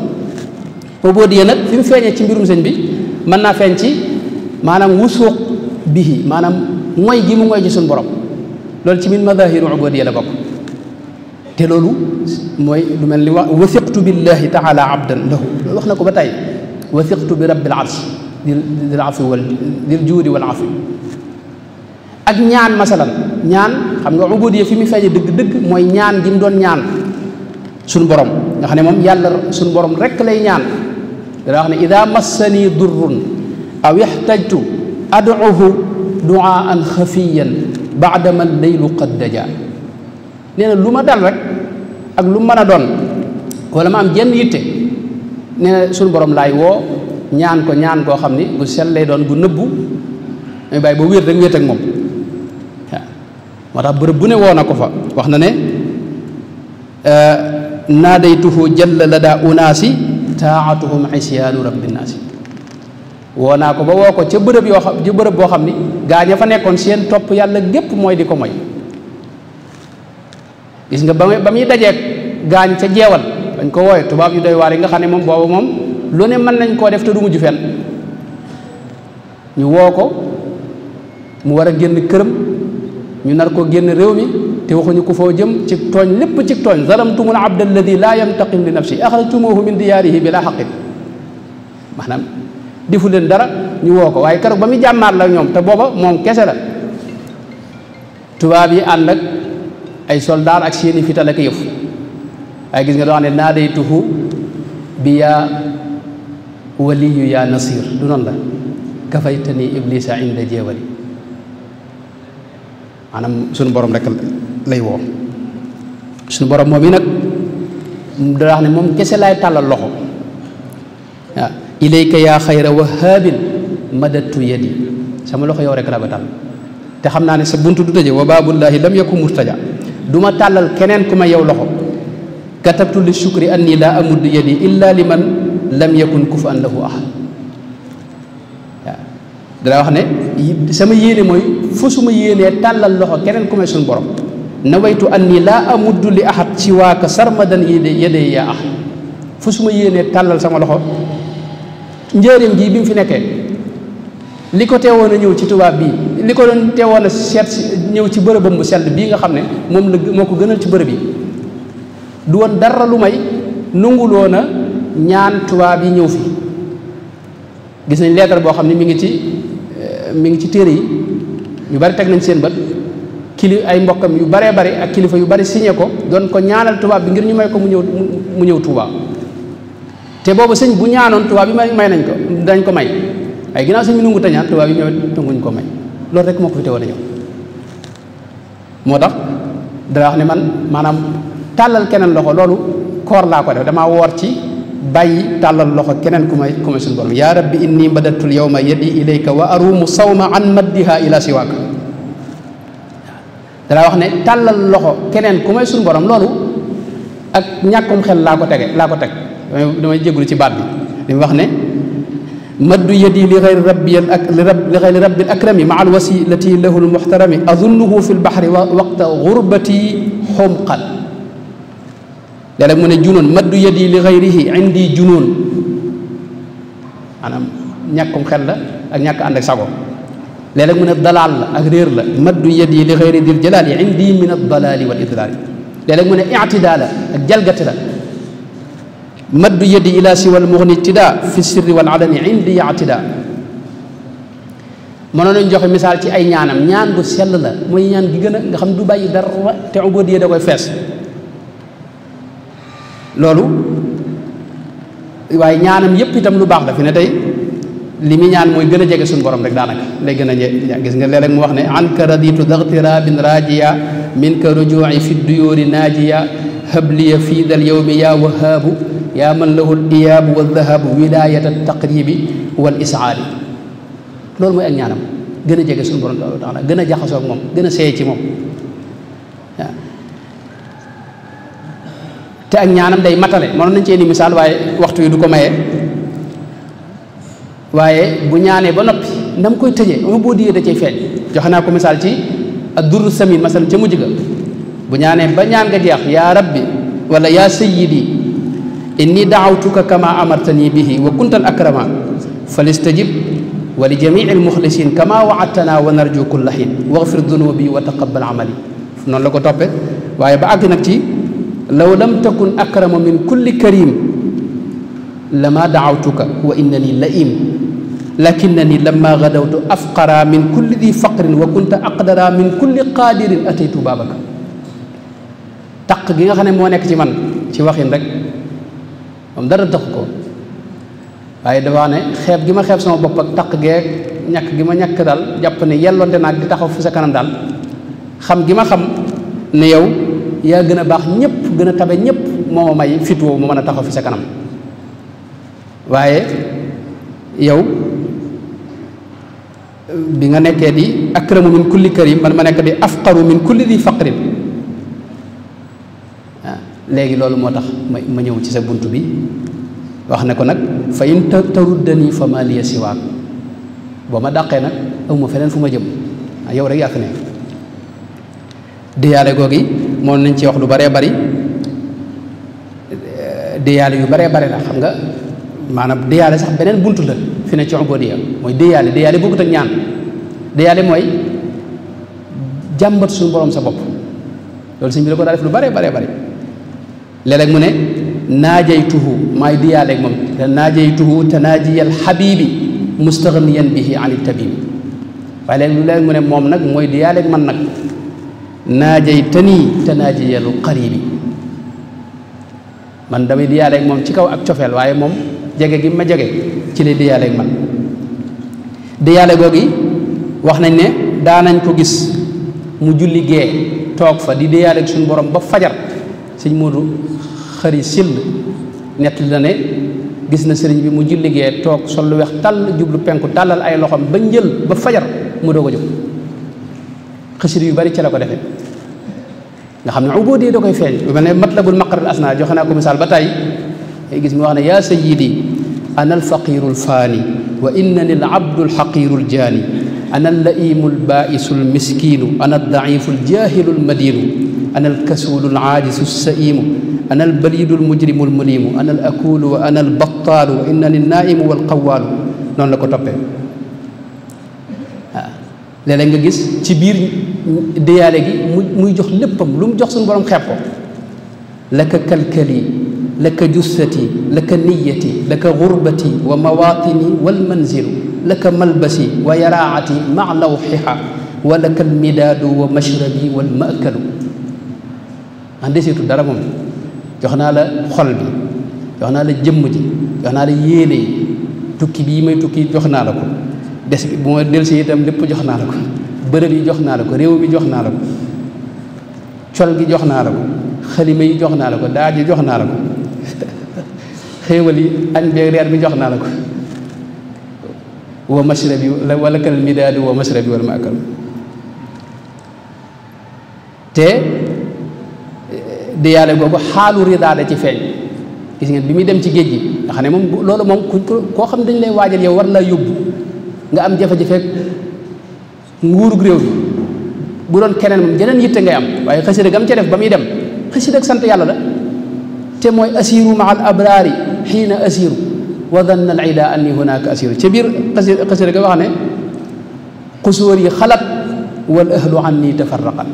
ubudiya nag fi mu feeñee ci mbirum sëñ bi mën naa feeñ ci maanaam wusuuq bihi maanaam mooy gi mu mooy ci suñu borom loolu ci min madahiru ubudiya la bokk te loolu mooy lu mel ni wax wasiqtu billahi taala abdan lahu loolu wax na ko ba tey wasiqtu bi rabbil arsh dil dil afi wal dil juudi wal afi ak ñaan masalan ñaan xam nga ubudiya fi mu feeñee dëgg-dëgg mooy ñaan gi mu doon ñaan suñu borom nga xam ne moom yàlla suñu borom rek lay ñaan dana wax ne ida massanii durrun aw ixtajtu aduhu duaan xafiyan baada man laylu qad nee na lu ma dal rek ak lu mën a doon wala ma am jenn yitte nee suñu borom laay woo ñaan ko ñaan koo xam ni gu sell doon bu nëbbu may bàyyi ba wéet rek wéet moom moo tax ne woo na ko fa wax na ne naadaytuhu jalla lada unaasi taatuhum isyaanu rabbi naasi woo naa ko ba woo ko ca bërëb yoo xam ci bërëb boo xam ni gaa ña fa nekkoon seen topp yàlla gépp mooy di ko moy gis nga ba muy ba muy dajee gaañ ca jeewal dañ ko wooye tubaab yu doy waar yi nga xam ne moom booba moom lu ne mën nañ koo def te du mujj fenn ñu woo ko mu war a génn këram ñu nar koo génn réew mi te waxuñu ku foo jëm ci tooñ lépp ci tooñ zalamtumul abd alladi laa yantaqim li nafsi axrajtumuhu min diyaarihi bi laa xaqin maanaam leen dara ñu woo ko waaye keroog ba muy jàmmaar la ñoom te booba moom kese la tubaab yi ànd ak ay soldaar ak seeni fital ak yëf waaye gis nga doo xam ne naadaytuhu bi yaa waliyu yaa nasir du noonu la kafaytani iblisa inda jeewali maanaam suñu borom rek lay woo suñu borom moom yi nag da wax ne moom kese laay tàllal loxo waaw ilayka yaa xayra wahaabin madatu yadi sama loxo yow rek rabatal te xam naa ne sa bunt du tëje wa baabullaahi lam yakun murtaja du ma tàllal keneen ku ma yow loxo katabtu li shukri anni laa amuddu yadi illa liman lam yakun kufan lahu ahad waaw dana wax ne sama yéene mooy foo fu suma yéenee tàllal loxo keneen ku may suñu borom nawaytu anni laa amuddu li ahad siwaaka sarmadan yadayya yaa ahad fu su ma yéenee tàllal sama loxo njëriñ ji bi mu fi nekkee li ko teewoon a ñëw ci tubaab bii li ko doon teewoon a seet si ñëw ci bërëbam bu sell bii nga xam ne moom la moo ko gënal ci bërëb yi du won dara lu may nanguloon a ñaan tubaab yi ñëw fi gis nañ leetar boo xam ne mi ngi ci eh, mi ngi ci téere yi ñu bari teg nañ seen bët kili ay mbokkam yu baree bari ak kilifa yu bari signé ko doon ko ñaanal tubaab bi ngir ñu may ko mu ñëw mu ñëw Touba te boobu sëñ bu ñaanoon tubaab yi may nañ ko dañ ko may ay ginnaaw sëñ bi nangu tañaan tubaab yi ñëw nanguñ ko may loolu rek moo ko fi teewoon a ñëw moo tax dana wax ne man maanaam tàllal keneen loxo loolu koor laa ko def damaa woor ci bàyyi tàllal loxo keneen ku may ku may suñu borom yaa rabbi inni badatul yawma yadi ilayka wa arumu sawma an maddiha ila siwaaka dana wax ne tàllal loxo keneen ku may suñu borom loolu ak ñàkkum xel laa ko tege laa ko teg damay jéglu ci baat bi li mu wax ne maddu yadi li xayri rabbil ak li xayri rabbil akrami ma al wasilati lahu al muxtarami azunnuhu fi lbaxri waqta gurbati xumqan léeg-léeg mu ne junoon maddu yadi li xayrihi indi junoon maanaam ñàkkum xel la ak ñàkk ànd ak sago léeg-léeg mu ne dalaal la ak réer la maddu yad yi li xëyri dil jalaali indi min mu ne ictidaa la ak jalgati la maddu yadi ila si wal muxni fi sirri wal alani indi ictidaa mënoon nañ joxe misaal ci ay ñaanam ñaan bu sell la mooy ñaan gi gën a nga xam du bàyyi dara te ubudiya da koy fees loolu waaye ñaanam yépp itam lu baax la fi ne tey li mu ñaan mooy gën a jege suñu borom rek daanaka lay gën a gis nga léeg-léeg mu wax ne an ka raditu daxtirabin rajiya min ka fii dal yowmi yaa wahaabu yaa man lahu liyaabu waldahabu wilayata gën a jege suñu borom taala gën a jaxasoo moom gën a seey ci moom waaw te ak ñaanam day matale mënoon nañ cee misaal waaye waxtu yi du ko maye waaye bu ñaanee ba noppi na koy tëjee ma boo diyee da cay feeñ naa ko misaal ci ak durru samin masalan ca mujj ga bu ñaanee ba ñaan nga jeex yaa rabbi wala yaa sayyidi inni daawtuka kama amartani bihi wa kuntal akrama فليستجب ولجميع المخلصين كما وعدتنا ونرجو كل حين واغفر ذنوبي وتقبل عملي noonu la ko toppee waaye ba àgg nag ci law lam takun akrama min kulli karim lama daawtuka wa innani laim lakinnani lamma gadawtu afqara min kulli di faqrin wa kunta aqdara min kulli qaadirin ataytu baabaka taq gi nga xam ne moo nekk ci man ci waxin rek moom dara taxu ko waaye dafa ne xeeb gi ma xeeb sama bopp ak taq geeg ñàkk gi ma ñàkk daal jàpp ne yelloonte naa di taxaw fi sa kanam daal xam gi ma xam ne yow yaa gën a baax ñépp gën a tabe ñëpp moo ma may fit woowu mu mën a taxaw fi sa kanam waaye yow bi nga nekkee di akramu min kulli karim man ma nekk di afqaru min kulli di faqrin ah, léegi loolu moo tax ma ma ñëw ci sa bunt bi wax ne ko nag fa in taruddani fa ma liya siwaak boo ma dàqee nag amuma feneen fu ma jëm ah, yow rek yaa fi ne diyaale googi moom nañ ci wax lu baree bari eh, diyaale yu baree bari la xam nga maanaam diyaale sax beneen bunt la fi ne ci ubudiyya mooy déyaale déyaale bokkut ak ñaan déyaale mooy jàmbat suñu borom sa bopp loolu sëñ bi ko daa def lu bare bare bare léeg-léeg mu ne naajaytuhu maay déyaale ak moom te naajaytuhu tanaajiyal xabiibi nag mooy déyaale ak man nag naajaytanii tanaajiyal qariibi man damay déyaale ak moom ci kaw ak cofeel waaye moom jege gi jege ci lay diyaaleeg man diyaale googu wax nañ ne daanañ ko gis mu julli gee toog fa di diyaaleeg suñu borom ba fajar sëñ Moodu xëri sill nett la ne gis na sëriñ bi mu julli gee toog sol lu weex tàll jublu penku tàllal ay loxoom ba njël ba fajar mu doog a jóg xësir yu bari ci la ko defee nga xam ne ubóodee da koy feeñ lu mel ne matlabul maqaral asna joxe naa ko misaal ba tey gis mu wax ne yaa sayyidi ana alfaqiru alfaani wa innani alabdu alxaqiru aljaani ana allaimu albaisu almiskinu ana aldaifu aljahilu almadinu ana alkasulu alaajisu alsaimu ana albalidu almujrimu almulimu ana alakulu wa ana albattaalu wa innani alnaimu walqawaalu noonu la ko toppee waaw ah. léeg-léeg nga gis ci biir diyaale gi muy jox léppam lu mu jox suñu borom xeeb ko laka kalkali laka jussati laka niyati laka gurbati wa mawatini walmanzilu laka malbasi wa yaraati maa lawxiha wa laka almidaadu wa mashrabi walmaakalu en desitu dara moom jox naa la xol bi jox naa la jëmm ji jox tukki bii may tukki jox naa la ko des bi bu ma itam lépp jox naa la ko bërëb yi jox naa la ko réew mi jox naa la ko col gi jox naa la ko xalima yi jox naa la ko daaj yi jox naa la ko xéewal yi añ bi reer bi jox naa la ko wa mashrab yi wala kal midaadu wa mashrab yi wala maakal te diyaale googu xaalu ridaa da ci feeñ gis ngeen bi muy dem ci géej gi ndax ne moom loolu moom ko koo xam dañ lay waajal yow war laa yóbbu nga am jafe-jafe nguurug réew mi bu doon keneen moom jeneen yitte ngay am waaye xasida gam ca def ba muy dem xasida ak sant yàlla la te mooy asiru ma al abraari xiina asiru wa danna al ida anni hunaka asiru ca biir xasida ga wax ne xusóor yi xalat wal ahlu an nii tafarraqan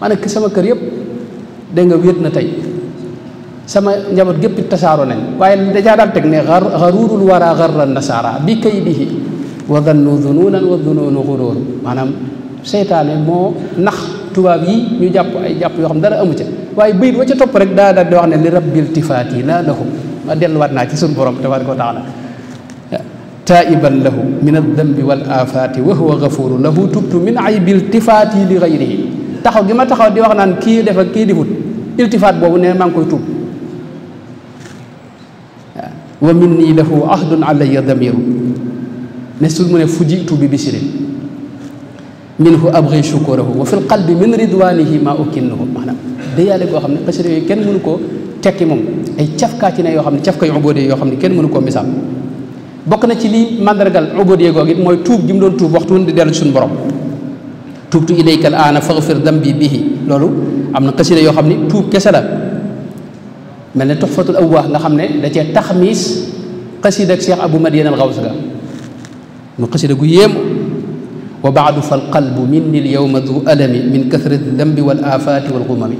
ma nekk sama kër yëpp da nga wéet na tey sama njaboot gépp tasaaro nañ waaye dajaa daal teg ne xaruurul wara xarra nasaara bi kaydihi wa dannu dunuunan wa dunuunu xuróor maanaam seytaane moo nax tubaab yi ñu jàpp ay jàpp yoo xam dara amu ca waaye bayit wa ca topp rek daa daal di wax ne li rabbil tifaati laa lahu ma delluwaat naa ci suñu borom tabaraka wa taala taiban lahu min aldambi wal afaati wa huwa gafuru lahu tubtu min aybi iltifaati li gayrihi taxaw gi ma taxaw di wax naan kii def ak kii difut iltifaat boobu ne maa koy tuub wa minni lahu ahdun alayya damiru ne su mu ne fujitu bi bisirin minhu abri shukurahu wa fil qalbi min ridwanihi ma ukinnahu maanaam déyaale koo xam ne xasida yooyu kenn mënu koo tekki moom ay cafkaa ci ne yoo xam ne cafkay ubóode yoo xam ne kenn mënu koo misaal bokk na ci lii mandargal ubóode googu mooy tuub gi mu doon tuub waxtu di dellu suñu borom tuubtu ilaykal aana faghfir dambi bihi loolu am na xasida yoo xam ne tuub kese la mel ne tuxfatul awwaax nga xam ne da cee taxmiis xasida ak Cheikh Abou Madiane al Xaws ga mu xasida gu wa baadu fal qalbu minni lyowma du alami min kathrati dambi wal aafaati wal gumami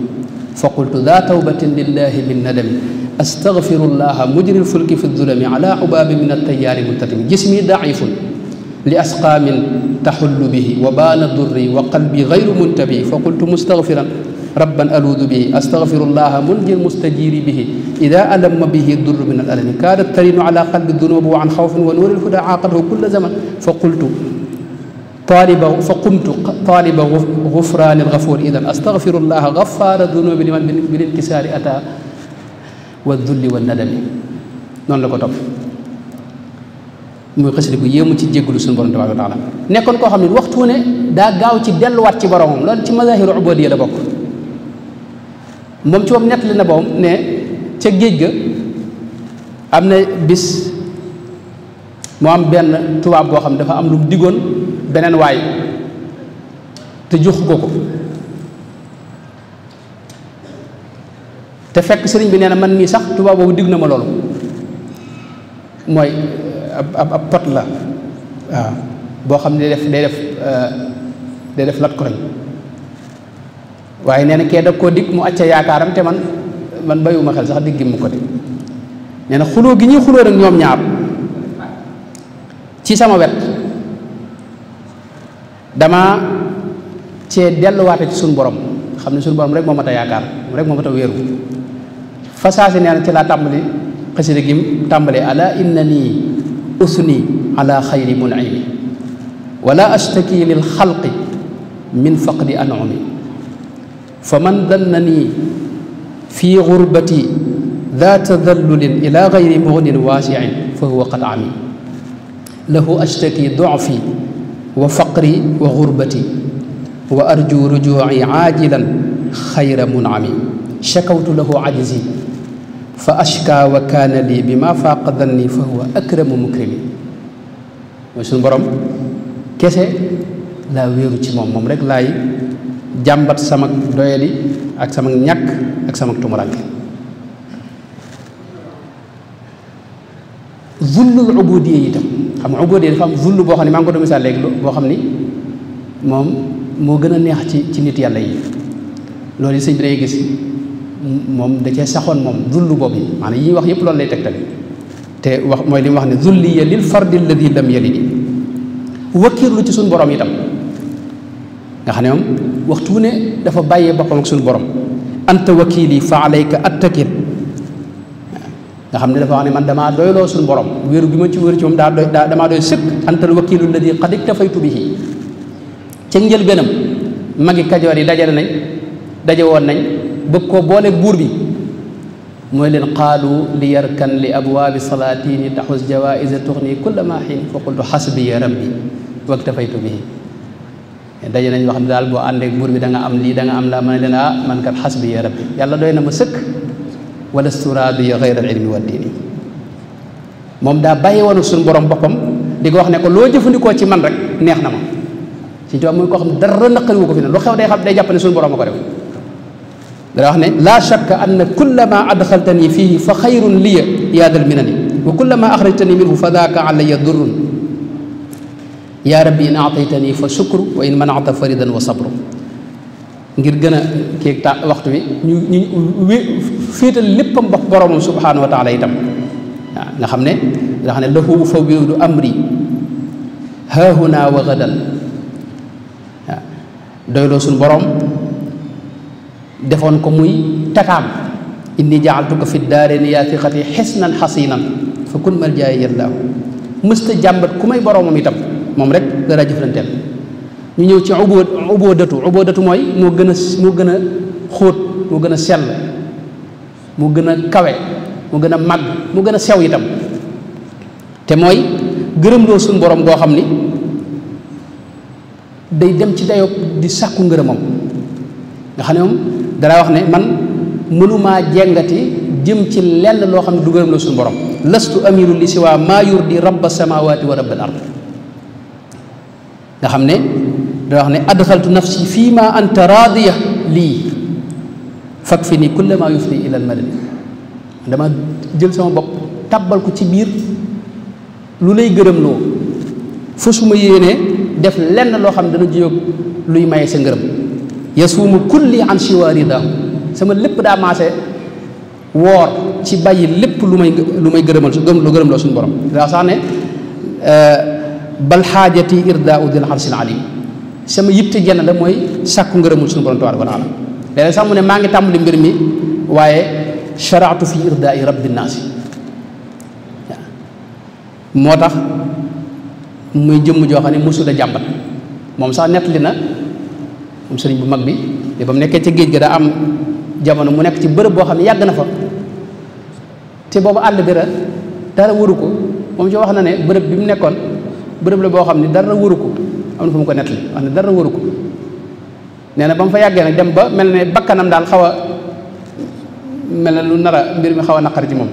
fa qultu daa tawbatin lillahi min nadami astagfirullaha mujri lfulki fi ddulami ala ubaabi min altayaari muntatimi jismi daifun li asqaamin taxullu bihi wa baana durri wa qalbi gayru muntabi fa qultu mustagfiran rabban aluudu bihi astagfirullaha munji lmustajiiri bihi ida alamma bihi durru min alalami kaadat tarinu ala qalbi dunuubi wa an xawfin wa nuuri lhuda aaqadahu kulla zaman fa qultu طالب فقمت طالب غفران الغفور إذا أستغفر الله غفار الذنوب لمن بالانكسار أتى والذل والندم noonu la ko topp muy xasida bu yéemu ci jéggalu suñu borom tabaaraka wa taala nekkoon koo xam ne waxtu ne daa gaaw ci delluwaat ci boromam loolu ci mazaahiru ubudiya la bokk moom ci moom nettali na boom ne ca géej ga am na bis mu am benn tubaab boo xam dafa am lu mu diggoon beneen waay te jox ko ko te fekk sëriñ bi nee na man mii sax tubaab boobu digg na ma loolu mooy ab ab pot la waaw boo xam ne day def day def euh, day def lat koreñ waaye nee na kee da koo dig mu acca yaakaaram te man man bayuma xel sax digg mu ko de nee na xuloo gi ñuy xuloo rek ñoom ñaar ci sama wet dama cee delluwaate ci suñu borom xam ne suñu borom rek moo mat a yaakaar rek moo mat a wéeru fasaasi nee na ci laa tàmbali xasida gi ala inna nii ala xayri munimi wala ashtaki lil xalqi min faqdi anumi fa man fi gurbati daa tadallulin ila gayri mugnin waasiin fa huwa ami lahu ashtaki dufi wa faqri wa gurbati wa arju rujuci aajilan xayra munami shakawtu lahu ajizi fa ashka wa kaana lii bi ma faaqa danni fa huwa akramu mukrimi mooy suñu borom kese laa wéeru ci moom moom rek laay jàmbat sama doyadi ak sama ñàkk ak sama tumuranke zullul ubudiya itam xam nga ubóode dafa am zull boo xam ne maa ngi ko doon boo xam ni moom moo gën a neex ci ci nit yàlla yi loolu yi sëñ gis moom da saxoon moom zull boobu maanaam yi ñuy wax yëpp loolu lay tegtale te wax mooy li wax ne zulliya lil fardi alladi lam yalidi wakkiirlu ci suñu borom itam nga xam ne moom waxtu ne dafa bàyyee boppam ak suñu borom anta wakiili fa alayka attakil nga xam ne dafa wax ne man damaa doyloo suñu borom wéeru bi ma ci wéeru ci moom daa doy daa damaa doy sëkk antal wakiilu ladi qad iktafaytu bihi ci njëlbéenam yi dajale daje woon nañ bëgg koo boole buur bi mooy leen qaalu li yarkan li abwaabi salaatini taxus jawaisa tuxni kulla ma xiin fa qultu xasbiya rabbi waktafaytu bihi daje nañ wax ne daal boo àndee buur bi da nga am lii da am laa ma ne leen ah man kat xasbiya rabbi yàlla doy na ma sëkk walastu raadiya gayra al ilmi moom daa bàyyi woon suñu borom boppam di ko wax ne ko loo jëfandikoo ci man rek neex na ma suñu tubaab muy xam dara naqari wu ko fi ne lu xew day xam day jàpp ne suñu borom a ko def wax ne laa shakka anna kulla ma adxaltani fihi fa xayrun liya yaa dal minani wa kulla ma axrajtani minhu fa daaka alayya durrun yaa rabbi in aataytani fa shukru wa in manaata faridan wa sabru ngir gën a kii ta waxtu wi ñu ñu féetal léppam bokk boromam subhaanahu wa taala itam waaw nga xam ne nga xam ne lahu ufawwidu amri haahuna wa gadan waaw doyloo suñu borom defoon ko muy takaam tataam inni ko fi daareni yaa fiqati xisnan xasinan fa kun mal jaaye yallaahu mësta jàmbat ku may boromam itam moom rek dara jëflanteel ñu ñëw ci ubóo ubóodatu ubóodatu mooy moo gën a moo gën a xóot moo gën a sell mu gën a kawe mu gën a màgg mu gën a sew itam te mooy gërëmloo suñu borom goo xam ni day dem ci dayoo di sàkku ngërëmam nga xam ne moom dara wax ne man mënumaa jengati jëm ci lenn loo xam ne du gërëmloo suñu borom lastu amiru li si waa maa yurdi rabba samawati wa rabbal ard nga xam ne dara wax ne adxaltu nafsi fii ma anta raadiya lii fakk fi nii kulle maa yufni ilal madani dama jël sama bopp tàbbal ko ci biir lu lay gërëm loo fa su ma yéenee def lenn loo xam ne dana jiyóg luy maye sa ngërëm yasuumu kulli an shiwaari daam sama lépp daa maase woor ci bàyyi lépp lu may lu may gërëmal su lu gërëm loo suñu borom daa sax ne euh, bal xaajati irdaa udil arsil alim sama yitte jenn la mooy sàkku ngërëmul suñu borom tabaaraka wa taala léeg sax mu ne maa ngi tàmbuli mbir mi waaye sharaatu fi irdaai rabbi naasi waaw moo tax muy jëmm joo xam ne mosul a jàmbat moom sax nettali na moom sëriñ bu mag bi li ba mu nekkee ca géej ga daa am jamono mu nekk ci bërëb boo xam ne yàgg na fa te boobu àll bi dara waru ko moom ci wax na ne bërëb bi mu nekkoon bërëb la boo xam ne dara waru ko am na fu mu ko nettali wax ne dara waru ko nee na ba mu fa yàggee nag dem ba mel ne bakkanam daal xaw a mel ne lu nar mbir mi xaw a naqar ji moom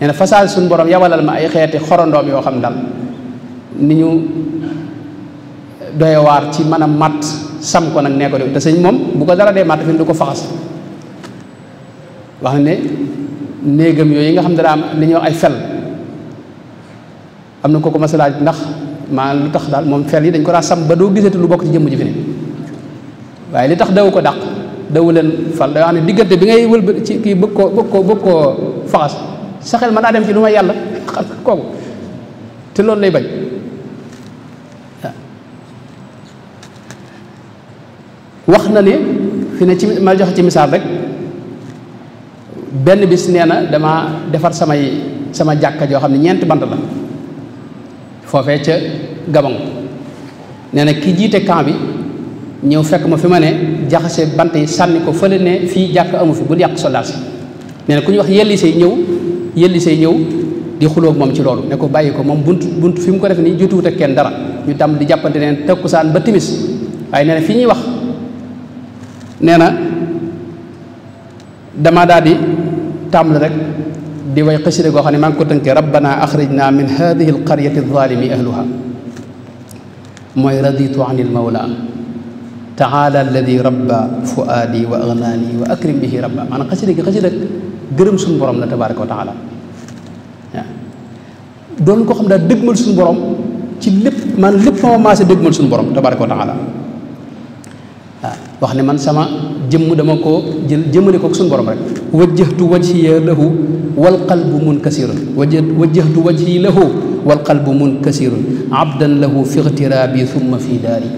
nee na façage suñu borom yabalal ma ay xeeti xorandoom yoo xam ne daal ni ñu doy waar ci mën a sam ko nag nee de sëñ moom bu ko dara dee matt ko faxas wax ne néegam yooyu nga xam daa am li ñuy wax ay fel am na kooku masalaaj ndax maa lu tax daal moom fel yi dañ ko daa sam ba doo gisati lu bokk ci jëmm ji fi ne waaye li tax daw ko dàq dawu leen fal da xam ne diggante bi ngay wëlba ci kii bëgg koo bëgg koo bëgg koo faxas sa xel mën naa dem ci lu may yàlla kooku te loolu lay bañ wax na ne fi ne ci ma joxe ci misaal rek benn bis nee na dama defar samay sama jàkka joo xam ne ñeent bant la foofee ca Gabon nee na ki jiite camp bi ñëw fekk ma fi ma ne jaxase bant yi sànni ko fële ne fii jàkk amu fi bul yàq soldaas nee na ku ñu wax yelli say ñëw yelli say ñëw di xulóog moom ci loolu ne ko bàyyi ko moom bunt bunt fi mu ko def nii jotuwut ak kenn dara ñu tam di jàppante neen saan ba timis waaye nee na fii ñuy wax nee na dama daal di tàmbali rek di way xasida goo xam ne maa ngi ko tënkee rabbana axrijna min hadihi alqaryati alzalimi ahluha mooy raditu an il mawla taala alladi rabba fuaadi wa agnaani wa akrim bihi rabba maanaam xasida gi xasida gërëm suñu borom la tabaraka wa taala doon koo xam daal dëgmal suñu borom ci lépp man lépp ma maase dëgmal suñu borom tabaraka wa taala wax ne man sama jëmm dama ko jël jëmmale kook suñu borom rek wajjahtu wajhiya lahu wal qalbu munkasirun wajjahtu wajhi lahu wal qalbu munkasirun abdan lahu fi ixtiraabi thumma fi daari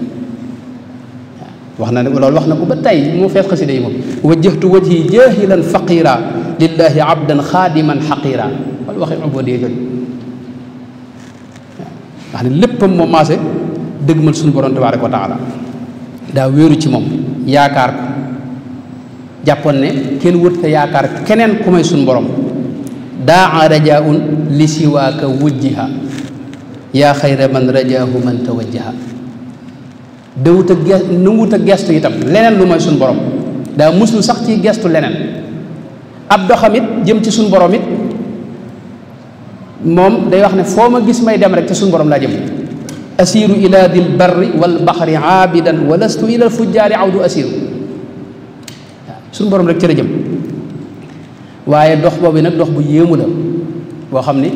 wax na loolu wax na ko ba tey mu fees xasida day moom wajjahtu wajhi jaahilan faqira lillahi abdan xaadiman xaqira wala waxi ubodee jooju wax ne léppam moom dëgg dëggmal suñu borom tabaraka wa taala daa wéeru ci moom yaakaar ko jàppoon ne kenn wërta yaakaar keneen ku may suñu borom daa rajaun li siwaaka wujjiha yaa xayra man rajaahu man tawajjaha dawuta a ges nanguwut a gestu itam leneen lu mooy suñu borom daa muslu sax ci gestu leneen ab doxam it jëm ci suñu borom it moom day wax ne foo ma gis may dem rek ci suñu borom laa jëm asiru ila dil barri wal baxri aabidan wa lastu ila al fujjaari awdu borom rek cër la jëm waaye dox boobu nag dox bu yéemu la boo xam ni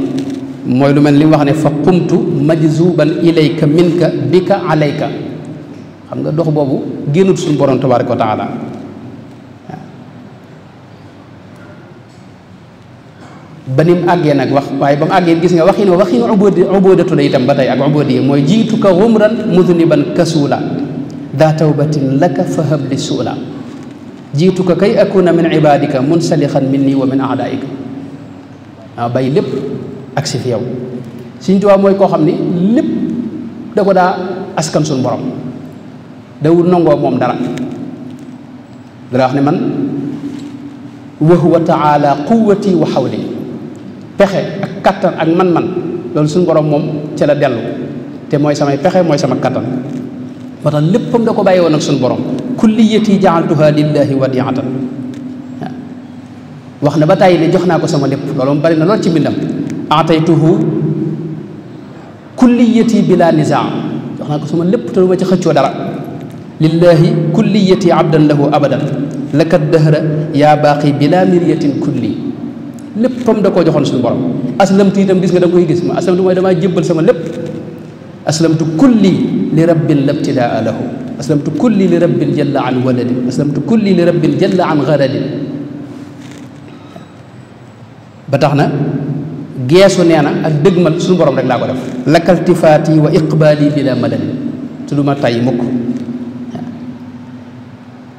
mooy lu mel li wax ne fa qumtu majzuban ilayka minka bika alayka xam nga dox boobu génnut suñu borom tabaaraka wa taala ba ni mu àggee nag wax waaye ba mu àggee gis nga waxin waxin ubudi ubudatu la itam ba tey ak ubudi mooy jiitu ka xumran mudniban kasuula daa tawbatin laka fahab li suula jiitu ka kay akuna min ibadika munsalixan min nii wa min aadaika waaw bay lépp ak si fi yow Sëñ Tuubaa mooy koo xam ni lépp da ko daa askan suñu borom dawul nangoo moom dara dara wax ne man wa huwa taala quwati wa xawli pexe ak kattan ak man-man loolu suñu borom moom ca la dellu te mooy samay pexe mooy sama kattan moo tax léppam da ko bàyyi woon ak suñu borom kulliyati jaaltuha lillahi wadiatan wax na ba tàyyi ne jox naa ko sama lépp loolu moom bari na lool ci mbindam ataytuhu kulliyati bila nizaa jox naa ko sama lépp te du ma ci xëccoo dara lillaahi kulliyati abdan lahu abadan lakat dëhra yaa baaqi bila miryatin kulli léppam da koo joxoon suñu borom aslamtu itam gis nga da nga koy gis ma aslamtu mooy damaa jébbal sama lépp aslamtu kulli li rabbin labtidaa lahu aslamtu kulli li rabbin jalla an waladin aslamtu kulli li rabbin jalla an ba tax na geesu nee na ak dëgmal suñu borom rek laa ko def lakaltifaati wa iqbaali bila madadin tu ma tay mukk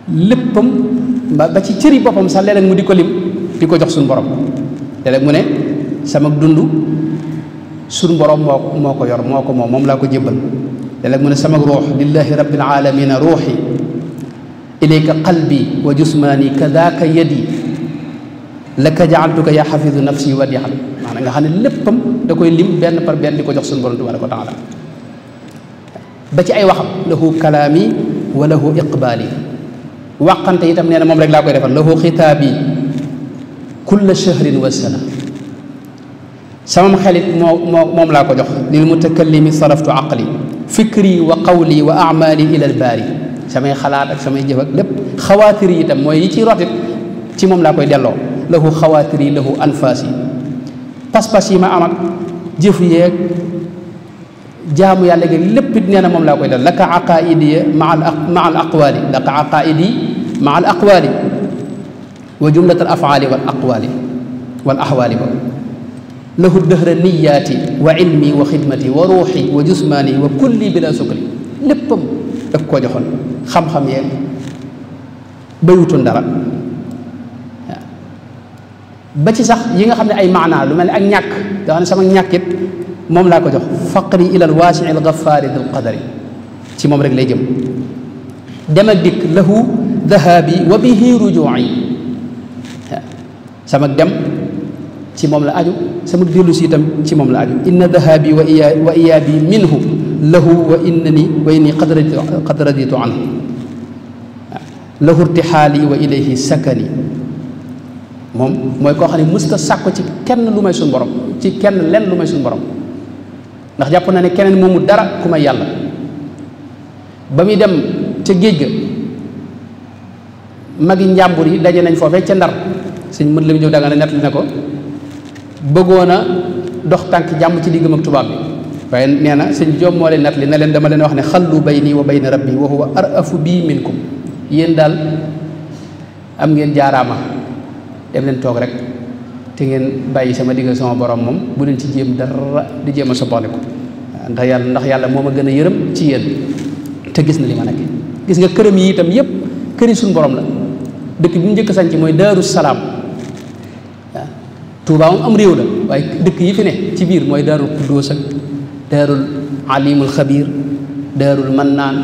léppam ba ba ci cëri boppam sax léeg mu di ko lim di ko jox suñu borom léeg-léeg mu ne sama dund suñu borom moo moo ko yor moo ko moom laa ko jébbal léeg-léeg mu ne sama ruux lillahi rabbil alamina ruuxi ilayka qalbi wa jusmaani kadaaka yadi laka jaaltuka yaa xafidu nafsi wa maanaam nga xam ne léppam da koy lim benn par benn di ko jox suñu borom tabaraka wa taala ba ci ay waxam lahu kalaami wa lahu iqbaali wàqante itam nee na moom rek laa koy defal lahu xitaabi kulla shahrin wa sana samam xelit moo moo moom laa ko jox lil mutakallimi saraftu aqli fikri wa qawli wa amali ila albaari samay xalaat ak samay jëf ak lépp xawaatir yi itam mooy yi ciy rotit ci moom laa koy delloo lahu xawaatir yi lahu anfaas yi pas-pas yi ma am ak jëf yeeg jaamu yàlla gi lépp it nee na moom laa koy delloo laka aqaidi ya maa al aqwaali laka aqaidi maa al aqwaali wa jumlat al afaali wal aqwaali wal ahwaali ba lahu dëhra niyaati wa ilmi wa xidmati wa ruuxi wa jusmaani wa kulli bila sukli léppam daf koo joxoon xam-xam yeeg bayutoon dara ba ci sax yi nga xam ne ay maanaa lu mel ne ak ñàkk nga xam ne sama ñàkkit moom laa ko jox faqri ilal waasii al gafaari dul qadari ci moom rek lay jëm dem ak dikk lahu dhahaabi wa bihi rujuu'i sama dem ci moom la aju sama dellu si itam ci moom la aju inna dhahaabi wa iya wa iyaabi minhu lahu wa innani wa inni qad raditu qad raditu anhu lahu irtixaali wa ilayhi sakani moom mooy koo xam ne musta sàkko ci kenn lu may suñu borom ci kenn lenn lu may suñu borom ndax jàpp na ne keneen moomu dara ku may yàlla ba muy dem ca géej ga yi njàmbur yi daje nañ foofee ca ndar sëñ mën la mu jëw danga ne nettali na ko bëggoon dox tànk jàmm ci diggam ak tubaab bi waaye nee na sëñ joom moo leen nettali ne leen dama leen wax ne xallu bayni wa bayna rabbi wa huwa arafu bii ko yéen daal am ngeen jaaraama dem leen toog rek te ngeen bàyyi sama digg sama borom moom bu leen ci jéem dara di jéem a soppandiku ndax yàlla ndax yàlla moo ma gën a yërëm ci yéen te gis na li ma nekk gis nga suñu borom la dëkk bi njëkk sanc mooy daaru salaam waaw Tuubaa am réew waaye dëkk yi fi ne ci biir mooy daarul Quddoos ak daarul alimul xabiir daarul mannaan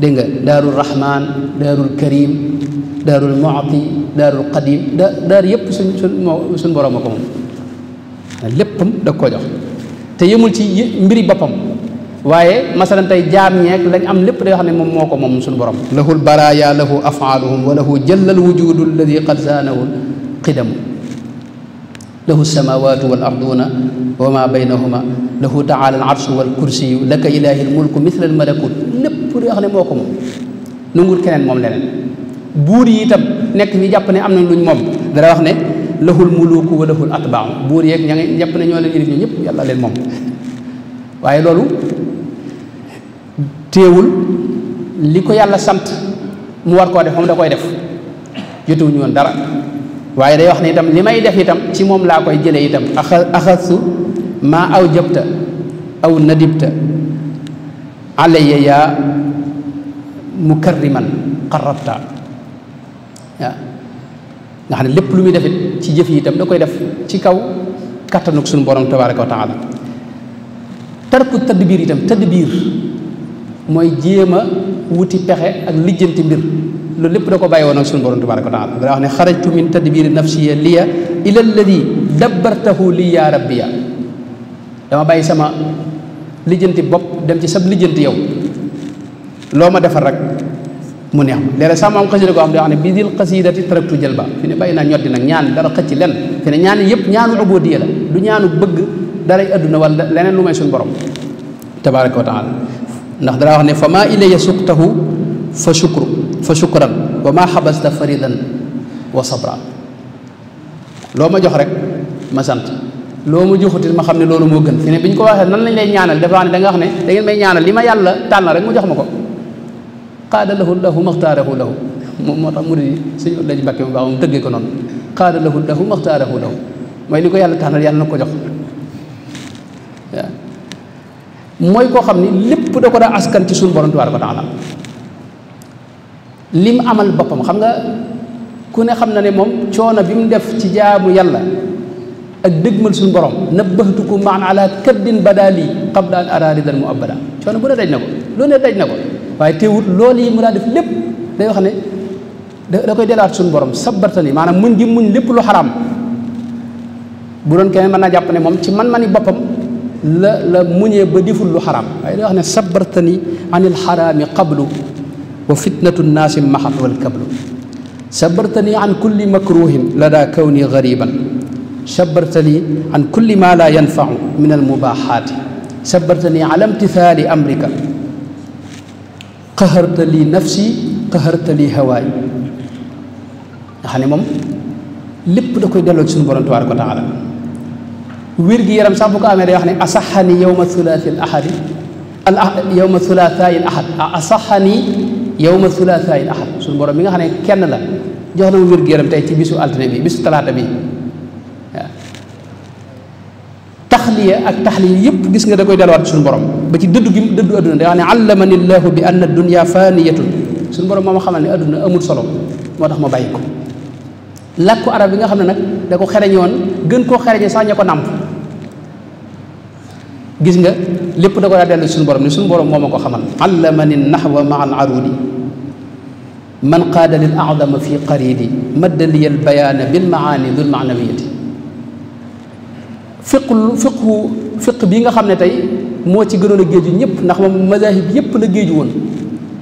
dégg nga daarul rahmaan daarul karim daarul muati daarul qadim da daar yëpp suñ suñ a ko moom léppam da koo te yemul ci mbiri boppam waaye masalan tey jaam ñeeg lañ am lépp day wax ne moom moo ko moom suñu borom lahul baraya lahu afaaluhum wa lahu jëllal wujudu alladi qad zaanahu qidamu lahu lsamawatu wal arduuna wa ma baynahuma lahu taala al arsu wal kursiyu laka ilahi l mulku mithla al malakut lépp day xam ne moo ko moom nungul keneen moom leneen buur yi nekk ñu jàpp ne am nañ luñ moom dara wax ne lahul muluku wa lahul atbaaw buur yeeg ña ngi jàpp ne ñoo leen irif ñu ñëpp yàlla leen moom waaye loolu téewul li ko yàlla sant mu war koo def moom da koy def jotuwuñu woon dara waaye day wax ne itam li may def itam ci moom laa koy jëlee itam axasu maa aw jëbta aw nadibta alayya yaa mukarriman xarrabta waaw nga xam ne lépp lu muy defit ci jëf yi da koy def ci kaw kattanuk suñu borom tabaraka wa taala tarku tadbiir itam tadbiir mooy jéem a wuti pexe ak lijjanti mbir loolu lépp da ko bàyyi woon ak suñu borom tabaraka wa taala daa wax ne xarajtu min tadbiri nafsiya liya ila alladi dabbartahu li ya rabbiya dama bàyyi sama lijjanti bopp dem ci sab lijjanti yow loo ma defar rek mu neex ma léeg-léeg sax moom xasida koo xam ne wax ne bi dil xasidati taraktu jëlba fi ne bàyyi naa ñoddi nag ñaan dara xëcc len fi ne ñaan yëpp ñaanu ubodiya la du ñaanu bëgg daray adduna wala leneen lu may suñu borom tabaraka wa taala ndax dara wax ne fa ma ilaya suqtahu fa shukru fa shukran wa maa xabasta faridan wa sabra loo ma jox rek ma sant loo ma joxutit ma xam ne loolu moo gën fi ne bi ñu ko waxee nan lañ lay ñaanal dafa ne da nga wax ne da ngeen may ñaanal li ma yàlla tànn rek mu jox ma ko qaada lahu lahu maxtaarahu lahu moom moo tax mu di suñu lañ mbàkke mu baax moom ko noonu qaada lahu lahu maxtaarahu lahu mooy li ko yàlla tànnal yàlla na ko jox mooy koo xam ni lépp da ko daa askan ci suñu borom tabaaraka wa taala lim amal boppam xam nga ku ne xam na ne moom coono bi mu def ci jaamu yàlla ak dëgmal suñu borom nabbahtukum maan ala kaddin badali qabla an ara ridan mu abada coono bu ne daj na ko loolu ne daj na ko waaye teewut loolu yi mu daa def lépp day wax ne da koy delaat suñu borom sabartani maanaam muñ gi muñ lépp lu xaraam bu doon keneen mën naa jàpp ne moom ci man-mani boppam la la muñee ba deful lu xaraam waaye da wax ne sabartani anil xaraami qablu wa fitnatu nnaasi maxat wal kablu sabartani an kulli makruhin lada kawni gariban sabartani an kulli ma la yanfacu min almubaxaati sabartani ala imtithaali amrika qaharta li nafsi qaharta li hawaay nga xam ne moom lépp da koy delloo ci suñu borom tabaaraka wa taala wér gi yaram sax bu ko amee day wax ne asaxani yowma thulathi al ahadi al yowma thulathayi al ahad asaxani yowma thulathayi suñu borom mi nga xam ne kenn la jox na mu wér yaram tey ci bisu altine bi bisu talaata bi waaw taxliya ak taxliya yëpp gis nga da koy delluwaat suñu borom ba ci dëddu gi dëddu adduna day wax ne allamani llahu bi anna dunya faniyatun suñu borom moo ma xamal ne adduna amul solo moo tax ma bàyyi ko làkku arab bi nga xam ne nag da ko xereñoon gën koo xereñe sax gis nga lépp da ko daa suñu borom ni suñu borom moo ma ko xamal allamani nahwa maa al arudi man qaada lil adama fi qaridi maddaliy al bayaana bil maani dul maanawiyati nga xam ne tey moo ci gënoon a ñëpp ndax moom mazahib yëpp la géeju woon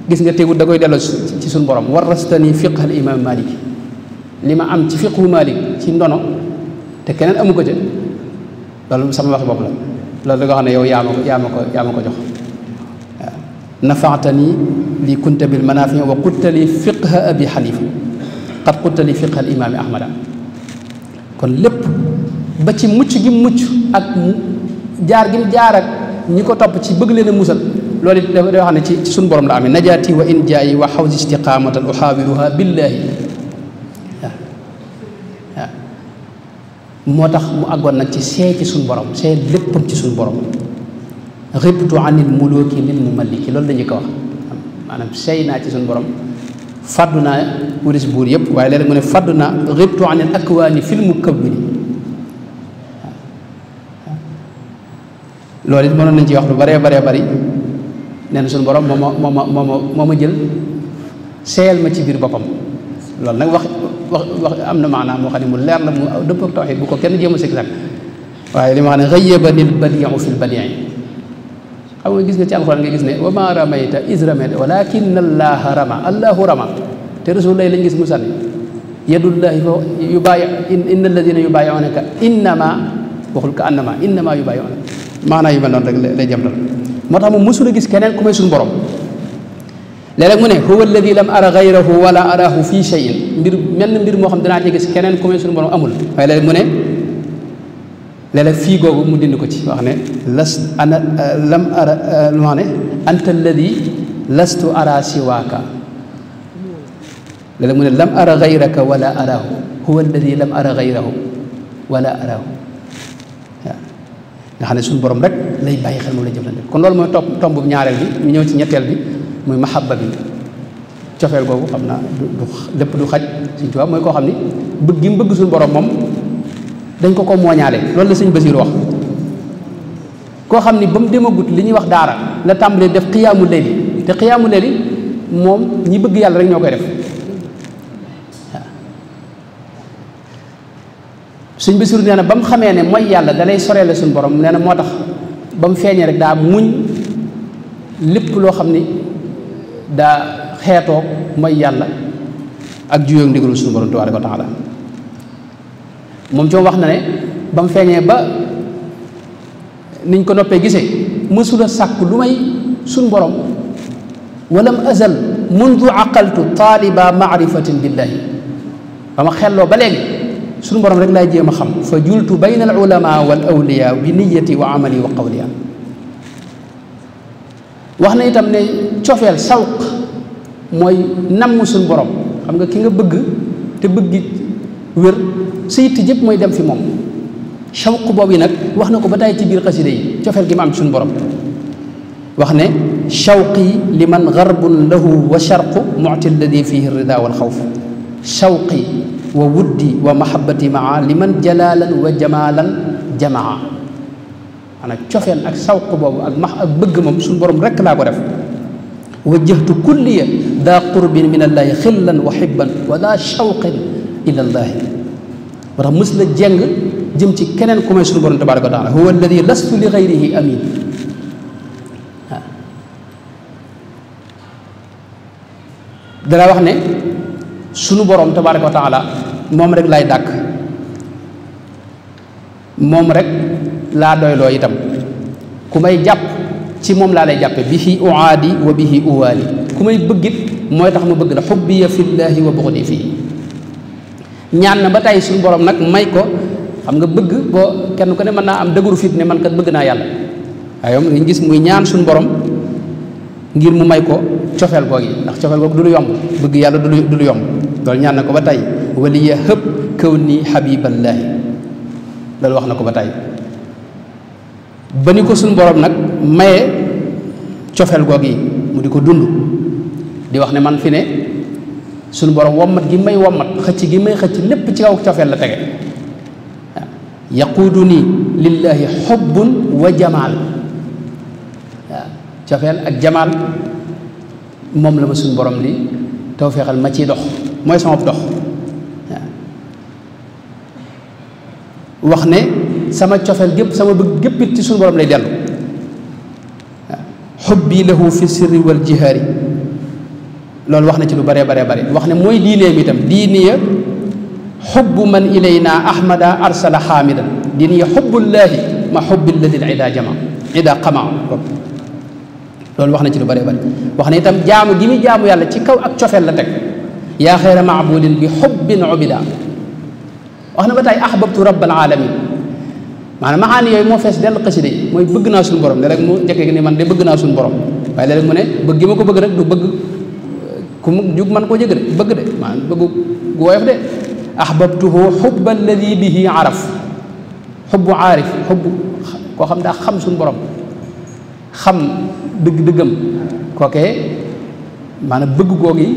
gis nga tegu da koy delloo ci suñu borom warastani fiq al imam malik li ma am ci fiqu malik ci ndono te keneen amu ko ca loolu sama waxi bopp la loolu da nga xam ne yow yaa ma ko yaa ma ko yaa ma ko jox waaw nafaatani li kunta bil manaafi lépp ba ci mucc gi mucc ak jaar gi jaar ak ñi ko topp ci bëgg leen a musal loolu it da xam ne ci ci suñu borom la amee najaati wa in jaayi wa xawsi istiqaamatan uxaawiruha billahi moo tax mu àggoon nag ci seey ci suñu borom seey léppam ci suñu borom ribtu anil muluki min loolu la ñu ko naa ci suñu borom fàddu naa wuris buur yëpp waaye léeg-léeg mu ne fàddu naa ribtu anil akwaani fil mukawwini loolu it mënoon nañu ci wax lu baree baree bari nee na suñu borom moo moo ma jël seeyal ma ci biir boppam loolu nag wax wax wax am na maanaam moo xam ne mu leer la mu dëpp ak tawxiid bu ko kenn jéem a sikk nag waaye li ma xam ne xëyyaba nil badiu fi l badii xam nga gis nga ci alxuraan nga gis ne wa ma ramayta is ramayta walakin allaaha rama allaahu rama te rasul lay lañ gis mu sànni yadullahi fa yubaayi inna alladina yubaayiunaka innama waxul ka annama innama yubaayiunaka maanaa yu mel noonu rek lay jëm moo tax mu mësul a gis keneen ku may suñu borom léeg-léeg mu ne huwa alladi lam ara gayrahu wala arahu fi cheyin mbir menn mbir moo xam danaa ci gis keneen ku may suñu borom amul waaye léeg mu ne léeg fii googu mu dind ko ci wax ne las ana lam ara lu ma ne anta alladi lastu ara siwaaka léeg mu ne lam ara gayraka wala arahu huwa alladi lam ara gayrahu wala nga xam ne suñu borom rek lay bàyyi xel moom lay jëflante kon loolu mooy topp tomb ñaareel bi ñu ñëw ci ñetteel bi muy mahabba bi cofeel googu xam naa du du xaj Sëñ Tuubaa mooy koo xam ni bëgg gi bëgg suñu borom moom dañ ko ko mooñaale lool la Sëñ Basiiru wax koo xam ni ba mu demagut li ñuy wax daara la tàmbalee def xiyaamu leeli te xiyaamu leeli moom ñi bëgg yàlla rek ñoo koy def suñ Sëñ Basiiru nee na ba mu xamee ne mooy yàlla dalay soreele suñ borom nee na moo tax ba mu feeñee rek daa muñ lépp loo xam ni daa xeetoog mooy yàlla ak juróom ndigalul suñu borom tabaaraka wa taala moom ci wax na ne ba mu feeñee ba niñ ko noppee gisee mësula sàkk lu may suñu borom walam azal mundu aqaltu taaliba maarifatin billahi ba ma xelloo ba léegi suñu borom rek laay jéem a xam fa jultu bayna al ulama wal awliya bi niyati wa amali wa qawliya wax na itam ne cofeel sawq mooy namm suñ borom xam nga ki nga bëgg te bëgg wér sa yitte jëpp mooy dem fi moom shawq boobu yi nag wax na ko ba tàyyi ci biir xasida yi gi ma am suñu borom wax ne shawqi liman garbun lahu wa sharqu muti alladi fihi rida wal xawf shawqi wa wuddi wa mahabbati maa liman jalaalan wa jamaalan jamaa maanaam cofeel ak shawq boobu ak max ak bëgg moom suñu borom rekk laa ko def wajjahtu kulliya daa qurbin min allaahi xillan wa xibban wala shawqin ila allaahi wa tax mës la jeng jëm ci keneen ku may suñu borom tabaraka wa taala huwa alladi lastu li wax ne sunu borom tabaraka wa taala moom rek laay dàkk moom rek laa doyloo itam ku may jàpp ci moom laa lay jàppe bihi uaadi wa bihi uwaali ku may bëgg bëggit mooy tax ma bëgg la xubbiya fillaahi wa buxdi fii ñaan na ba tey suñu borom nag may ko xam nga bëgg boo kenn ku ne mën naa am dëgëru fit ne man kat bëgg naa yàlla waaye moom dañu gis muy ñaan suñu borom ngir mu may ko cofeel googu ndax cofeel googu du lu yomb bëgg yàlla du lu du yomb loolu ñaan na ko ba tey waliya hëpp kaw nii xabiballaahi loolu wax na ko ba tey ba ni ko suñu boroom nag maye cofeel goog yi mu di ko dund di wax ne man fi ne suñ borom wommat gi may wommat xëcc gi may xëcc népp ci kaw cofeel la tege yaquudu nii lillaahi xubbun wa jamaal waaw cofeel ak jamaal moom la ma suñu boroom li tawféexal ma ciy dox mooy sama dox wax ne sama cofeel gépp sama bëgg gépp ci suñu borom lay dellu xubbi lahu fi sirri wal jihaari loolu wax na ci lu bare bare bare wax na mooy diineem itam diiniya xubbu man ilayna ahmada arsala xaamida diiniya xubbullaahi ma xubbi ladil ida jama ida qamaa loolu wax na ci lu bare bare wax itam jaamu gi yàlla ci kaw ak cofeel la teg yaa xayra maabudin bi na ba tey ahbabtu rabbal alamin maanaam maxaani yooyu moo fees dell xasida yi mooy bëgg naa suñu borom léeg-léeg mu njëkk gi man de bëgg naa suñu borom waaye léeg-léeg mu ne bëgg gi ma ko bëgg rek du bëgg eh, ku man koo jëgg de bëgg de maanaam bëgg gu woyof de ahbabtuhu xubba alladi koo xam daa xam suñu borom xam dëgg-dëggam kookee maanaam bëgg googi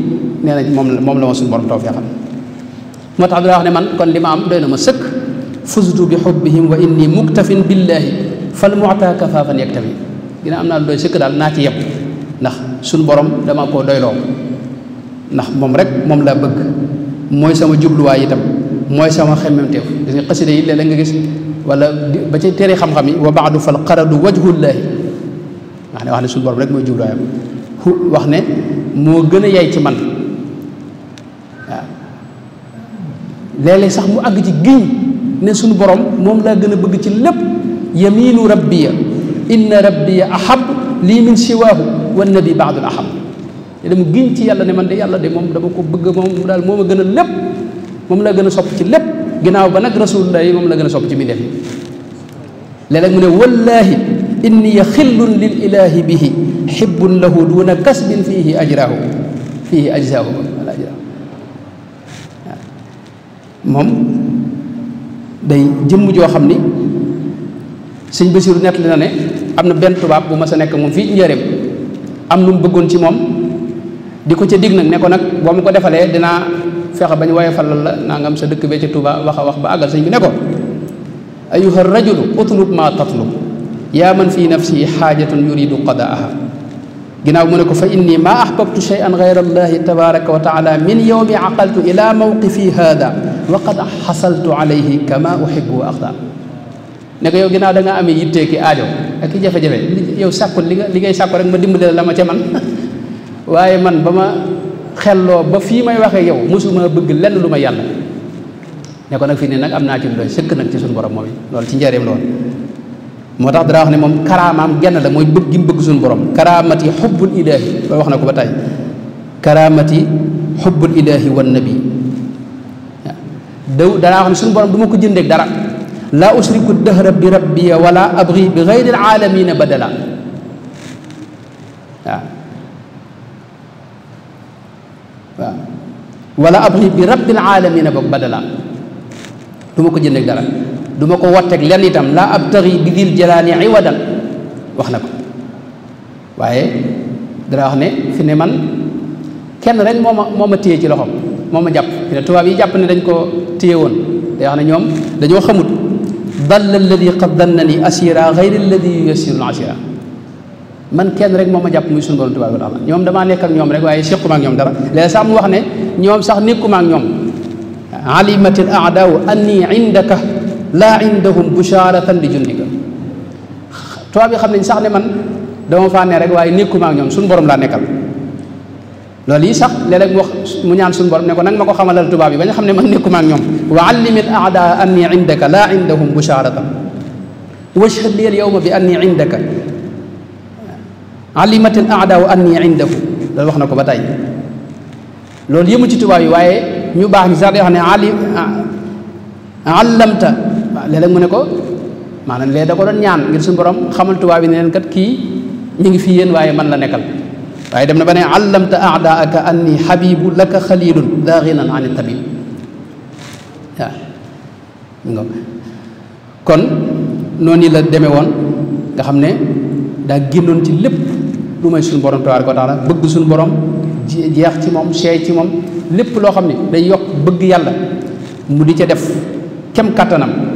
nee na moom moom la ma suñu borom tawfeexal moo tax bi wax ne man kon li ma am doy na ma sëkk fustu bi xubbihim wa inni muktafin billaahi fal muta kafaafan yaktafi dina am naa lu doy sëkk daal naa ci yepp ndax suñu borom dama koo doyloo ndax moom rek moom laa bëgg mooy sama jubluwaay itam mooy sama xemmemteef gis nga xasida yi léeg nga gis wala ba ci téere xam-xam yi wa baadu fal qaradu wajhullaahi wax ne wax ne suñu borom rek mooy jubluwaayam wax ne moo gën a yaay ci man waaw léeg sax mu àgg ci giñ ne suñu borom moom laa gën a bëgg ci lépp yamiinu rabbiya inna rabbiya ahab lii min siwaahu wa na di ahab te dama giñ ci yàlla ne man de yàlla de moom dama ko bëgg moom mu daal moom a gën a lépp moom la gën a sopp ci lépp ginnaaw ba nag rasulullah yi moom la gën a sopp ci mi def léeg-léeg mu ne wallaahi inni xillun lil ilahi bihi xibbun lahu duna kasbin fiihi ajrahu moom day jëmm joo xam ni sëñ Basiru nettali na ne am na benn tubaab bu ma sa nekk moom fii ci am lu mu bëggoon ci moom di ko ca dig nag ne ko nag boo ma ko defalee dinaa fexe bañ woye falal la naa nga am sa dëkk bee ca Touba wax a wax ba àggal sëñ bi ne ko ayuha rajulu utlub ma tatlub yaa man fii nafsi xaajatun yuridu qadaaha ginnaaw mu ne ko fa inni maa ahbabtu shay'an gayra allahi tabaraka wa taala min yowmi aqaltu ila mawqifi hada waqad xasaltu alayhi kama uhibbu wa axda ne ko yow ginnaaw da nga amee yittee ki aajo ak i jafe-jafe yow sàkkul li nga li ngay sàkku rek ma dimbale la ma ca man waaye man ba ma xelloo ba fii may waxee yow mosuma bëgg lenn lu ma yàlla ne ko nag fii ne nag am naa ci lu doy sëkk nag ci suñu borom moom loolu ci njëriñ lool moo tax dara wax ne moom karaamaam genn la mooy bëgg gi mu bëgg suñu borom karaamati xubbul ilaahi wax na ko ba tey karaamati xubbul ilaahi wan nabi daw danaa wax ne suñu borom du ko jëndeeg dara laa usriku dëhra bi rabbiya wala abri bi xayril aalamina badala waaw waaw wala abri bi rabbil aalamina boog badala du ko jëndeeg dara du ko wotteeg lenn itam laa abtari bi dil jalaani iwadan wax na ko waaye dara wax ne fi ne man kenn rek moo ma moo ma téye ci loxo moo ma jàpp fi ne tubaab yi jàpp ne dañ ko téye woon day wax ne ñoom dañoo xamut dalla alladi qad dannani asira gayra alladi yusirul asira man kenn rek moo ma jàpp muy sunu borom tabaaraka wa taala ñoom damaa nekk ak ñoom rek waaye séquma ak ñoom dara léegi sax mu wax ne ñoom sax nekkuma ak ñoom alimatil aadaaw anni indaka laa indahum busharatan li jundika tubaab yi xam nañ sax ne man dama faa rek waaye nekkuma ak ñoom suñu borom laa nekkal loolu yi sax léeg-léeg wax mu ñaan suñu borom ne ko nag ma ko xamalal tubaab yi ba ñu xam ne man nekkuma ak ñoom wa allimil aadaa anni indaka laa indahum busharatan washhad liyal yawma bi anni indaka allimatil aadaa anni indahu loolu wax na ko ba tey loolu yëmu ci tubaab yi waaye ñu baax ñi sax day wax ne ali allamta mu ne ko maanaam léeg da ko doon ñaan ngir suñu borom xamal tubaab yi ne leen kat kii ñu ngi fi yéen waaye man la nekkal waaye dem na ba ne allamta aadaaka anni xabibu laka xalilun daa ginan an tabib waaw kon noonu la deme woon nga xam ne daa génnoon ci lépp lu may suñu borom tabaaraka wa taala bëgg suñu borom jeex ci moom seey ci moom lépp loo xam ne day yokk bëgg yàlla mu di ca def kem kàttanam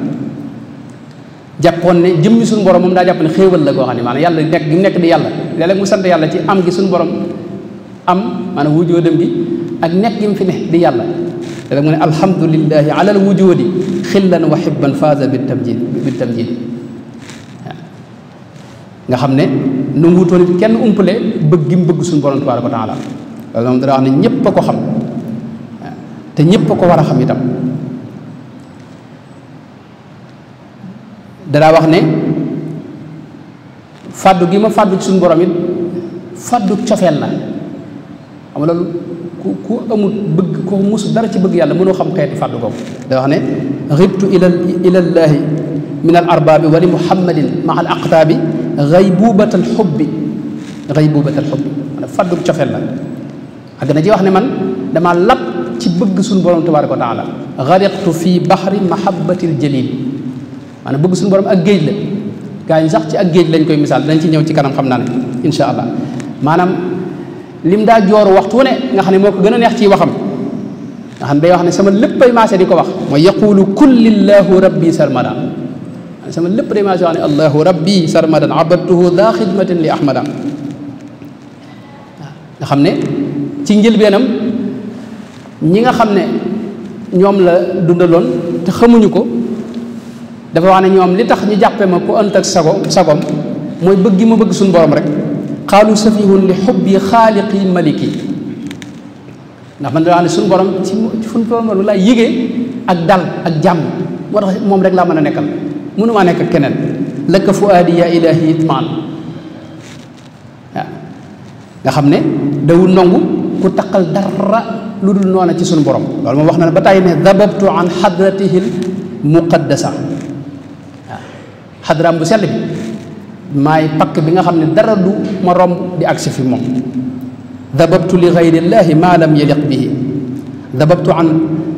jàppoon ne jëmmi suñu borom moom daa jàpp ne xéewal la goo xam ne maanaam yàlla nekk gi nekk di yàlla léeg-léeg mu sant ci am gi suñu borom am maanaam ak nekk gi mu fi ne di yàlla léeg-léeg mu ne alhamdulillahi ala al wujudi xillan wa xibban faaza bi tamjid bi tamjid nga xam ne nu mu it kenn umpale bëgg gi mu bëgg suñu borom tabaaraka wa taala wax ne ñëpp a ko xam te ñëpp a ko war a xam itam danaa wax ne fàddu gi ma fàddu ci suñu borom it fàddu cofeel la xam ku ku bëgg ko musu dara ci bëgg yàlla mënoo xam xeetu fàddu googu da wax ne ribtu ila ilallaahi min al arbaabi wa li muhammadin ma al aqtaabi gaybubatal xubbi gaybubatal xubbi maanaam fàddu cofeel la àgg na ci wax ne man dama lab ci bëgg suñu borom tabaaraka wa taala gariqtu fi baxri mahabbatil jalil maanaam bëgg suñu borom ak géej la gaa ñi sax ci ak géej lañ koy misaal dañ ci ñëw ci kanam xam naan ne incha allah maanaam lim daa joor waxtu ne nga xam ne moo ko gën a neex ciy waxam nga day wax ne sama léppay maase di ko wax mooy yaqulu kullillahu rabbi sarmadan sama lépp day maase wax ne allahu rabbi sarmadan abadtuhu daa xidmatin li ahmada nga xam ne ci njëlbeenam ñi nga xam ne ñoom la dundaloon te xamuñu ko dafa wax ne ñoom li tax ñu jàppe ma ku ënt ak sago sagom mooy bëgg gi ma bëgg suñu borom rek xaalu safihun li xubbi xaaliqi maliki ndax man daa ne suñu borom ci fu ñu ko ak dal ak jàmm moo moom rek laa mën a nekkal mënumaa nekk ak keneen lëkk fu aadi yaa ilaahi xam ne dawul nongu ku taqal dara lu dul noona ci suñu borom loolu moom wax na ne ba tàyyi ne dababtu an xadratihi l xadraam bu sell bi pakk bi nga xam ne dara du ma romb di agsi fi moom dababtu li gayrillaahi maa lam yaliq bihi dababtu an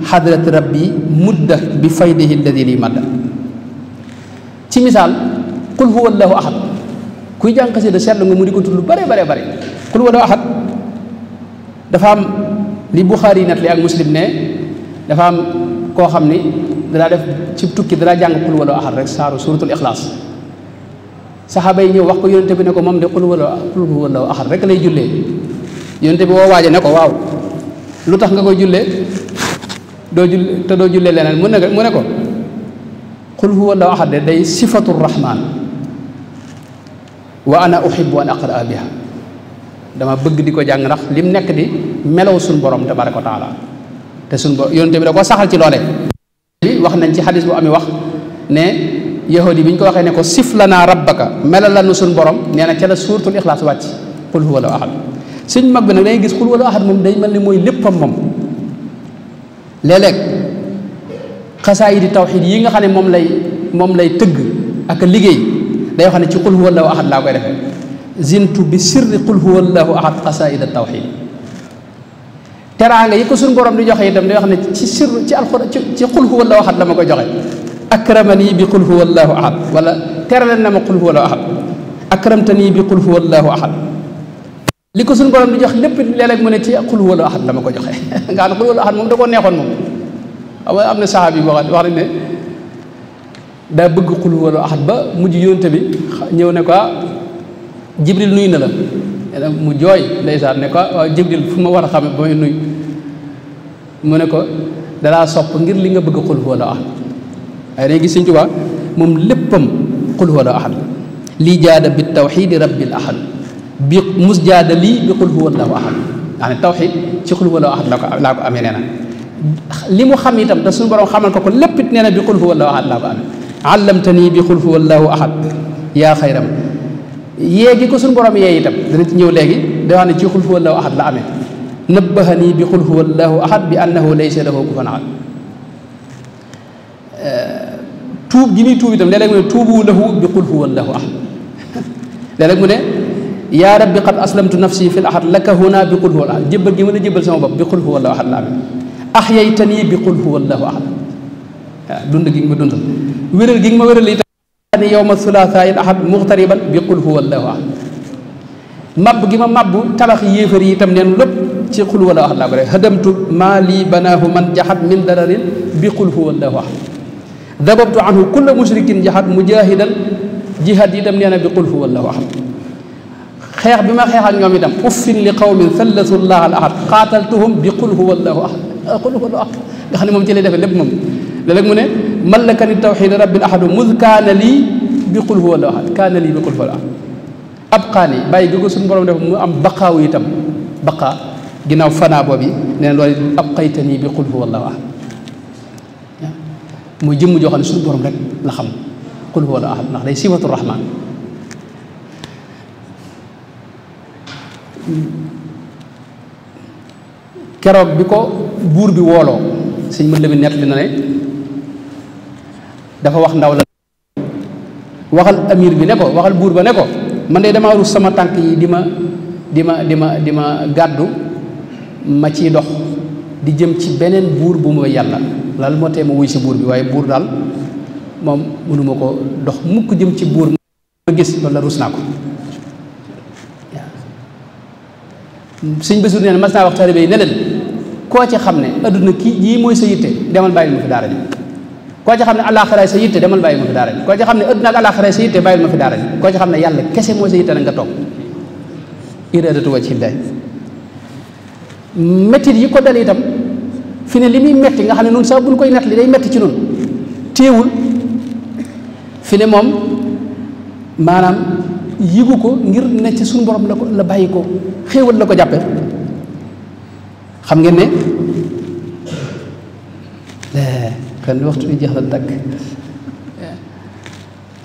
xadrati rabbi mudda bi faydihi alladi li misaal qul huwa allahu ahad kuy jàng xasida seetlu nga mu di ko tudd lu bare bare bare qul huwa allahu ahad dafa am li buxaari nat li ak muslim ne dafa am koo xam ni danaa def ci tukki danaa jàng xul waloo axad rek saaru suratul ixlaas saxaaba ñëw wax ko yonente bi ne ko moom de xul waloo xul waloo axad lay jullee yonente bi woo waaje ne ko waaw lu tax nga koy jullee doo jull te doo jullee leneen mu ne mu ne ko xul de day sifatu rahman wa ana uhibbu an aqraa biha dama bëgg di ko jàng ndax lim nekk di melaw suñ borom tabaraka wa taala te suñ bo yonente bi da ko saxal ci loole li wax nañ ci xadis bu amee wax ne yahudi bi ñu ko waxee ne ko sif lanaa rabbaka melal la nu suñ borom nee na ca la suuratul ixlaas wàcc qul huwa allahu ahad suñ mag bi nag dangay gis qul huwa allahu ahad moom mel ni mooy léppam moom léeg xasaa yi di tawxiid yi nga xam ne moom lay moom lay tëgg ak liggéey day wax ne ci qul huwa allahu ahad laa koy defee zintu bi sirri qul huwa allahu ahad xasaa ida tawxiid teraanga yi ko suñu borom di joxe itam di wax ne ci sir ci alxuraan ci ci xul huwa ko joxe akramani bi xul huwa allahu ahad wala teralen na ma xul huwa akramtani bi xul huwa allahu ahad li ko suñu borom di jox lépp léeg-léeg mu ne ci xul huwa allahu ahad la ko joxe nga xam ne xul huwa allahu moom da koo neexoon moom am na saxaab yi boo xam wax nañ ne daa bëgg xul huwa allahu ahad ba mujj yónte bi ñëw ne ko ah, jibril nuyu na la mu jooy ndeysaan ne ko waaw ah, jibril fu ma war a xam ba may nuyu mu ne ko dalaa sopp ngir li nga bëgg xul huwa la ahad waaye gis Sëñ Tuubaa moom léppam xul huwa la ahad jaada bi tawxiidi rabbil ahad bi mus jaada lii bi xul huwa laahu ahad ndax ne tawxiid ci xul huwa laahu ahad laa ko laa nee na li mu xam itam te suñu xamal ko ko lépp nee na bi xul huwa laahu ahad laa ko amee allamtanii bi xul huwa laahu ahad yaa yéegi ko su borom yee itam dana ci ñëw léegi day wax ne ci xul huwa laahu ahad la amee nabbahani bi qul huwa allahu ahad bi annahu laysa lahu kufuwan ahad tuub gi muy tuub itam léeg-léeg mu ne tuubu lahu bi qul huwa allahu ahad léeg-léeg mu ne yaa rabbi qad aslamtu nafsi fi l ahad laka huna bi qul huwa allahu ahad jébbal gi mën a jébbal sama bopp bi qul huwa allahu ahad laa amee ahyaytani bi qul huwa allahu ahad waaw dund gi nga ma dundal wéral gi nga ma wéral itam ni yowma thulathaai l ahad muxtariban bi qul huwa allahu ahad mabb gi ma mabb tabax yéefar yi itam neen lépp ci xul huwa laahu ahad laa ko rek hadamtu maa lii banaahu man jaxat min dararin bi xul huwa laahu ahad dababtu anhu kulla mushrikin jaxat mujahidan jihaad yi itam nee na bi qul huwa allahu ahad xeex bi ma xeex ak ñoom itam uffin li qawmin thallasu llah al ahad qaataltuhum bi qul huwa allahu ahad ah, qul huwa allahu ahad nga xam ne moom ci lay defee lépp moom léeg-léeg mu ne malakani tawxid rabbil ahad mud kaana lii bi qul huwa allahu ahad kaana lii bi qul huwa allahu ahad abqaani bàyyi gi ko suñu borom def mu am baqaawu itam baqaa ginnaaw fanaabo bi nee na loolu ab xaytan bi qul huwa allahu ahad mooy jëmm joo xam ne suñu rek la xam qul huwa allahu wax ndax day sifatu rahmaan keroog bi ko buur bi wooloo sëñ mën la mi nettali na ne dafa wax ndaw la waxal amir bi ne ko waxal buur ba ne ko man de damaa rus sama tànk yi di ma di ma di ma di ma gàddu ma ciy dox di jëm ci beneen buur bu ma yàlla lal moo tee ma wuy si buur bi waaye buur daal moom mënuma ko dox mukk jëm ci buur ma gis loolu la rus naa ko suñ bésu neen mas naa wax taalibe yi ne leen koo ci xam ne adduna kii jii mooy sa yitte demal bàyyil ma fi daara ji koo ci xam ne demal bàyyil ma fi koo xam ne adduna ak alaxira sa yitte bàyyil ma fi daara ji koo ci xam ne yàlla kese mooy sa yitte na nga toog iradatu wajhi llahi mettit yi ko dal itam fi ne li muy metti nga xam ne nun saa buñ koy nett li day metti ci nun téewul fi ne moom maanaam yigu ko ngir ne ci suñu borom la ko la bàyyi ko xéewal la ko jàppe xam ngeen ne xen waxtu bi jeex na takk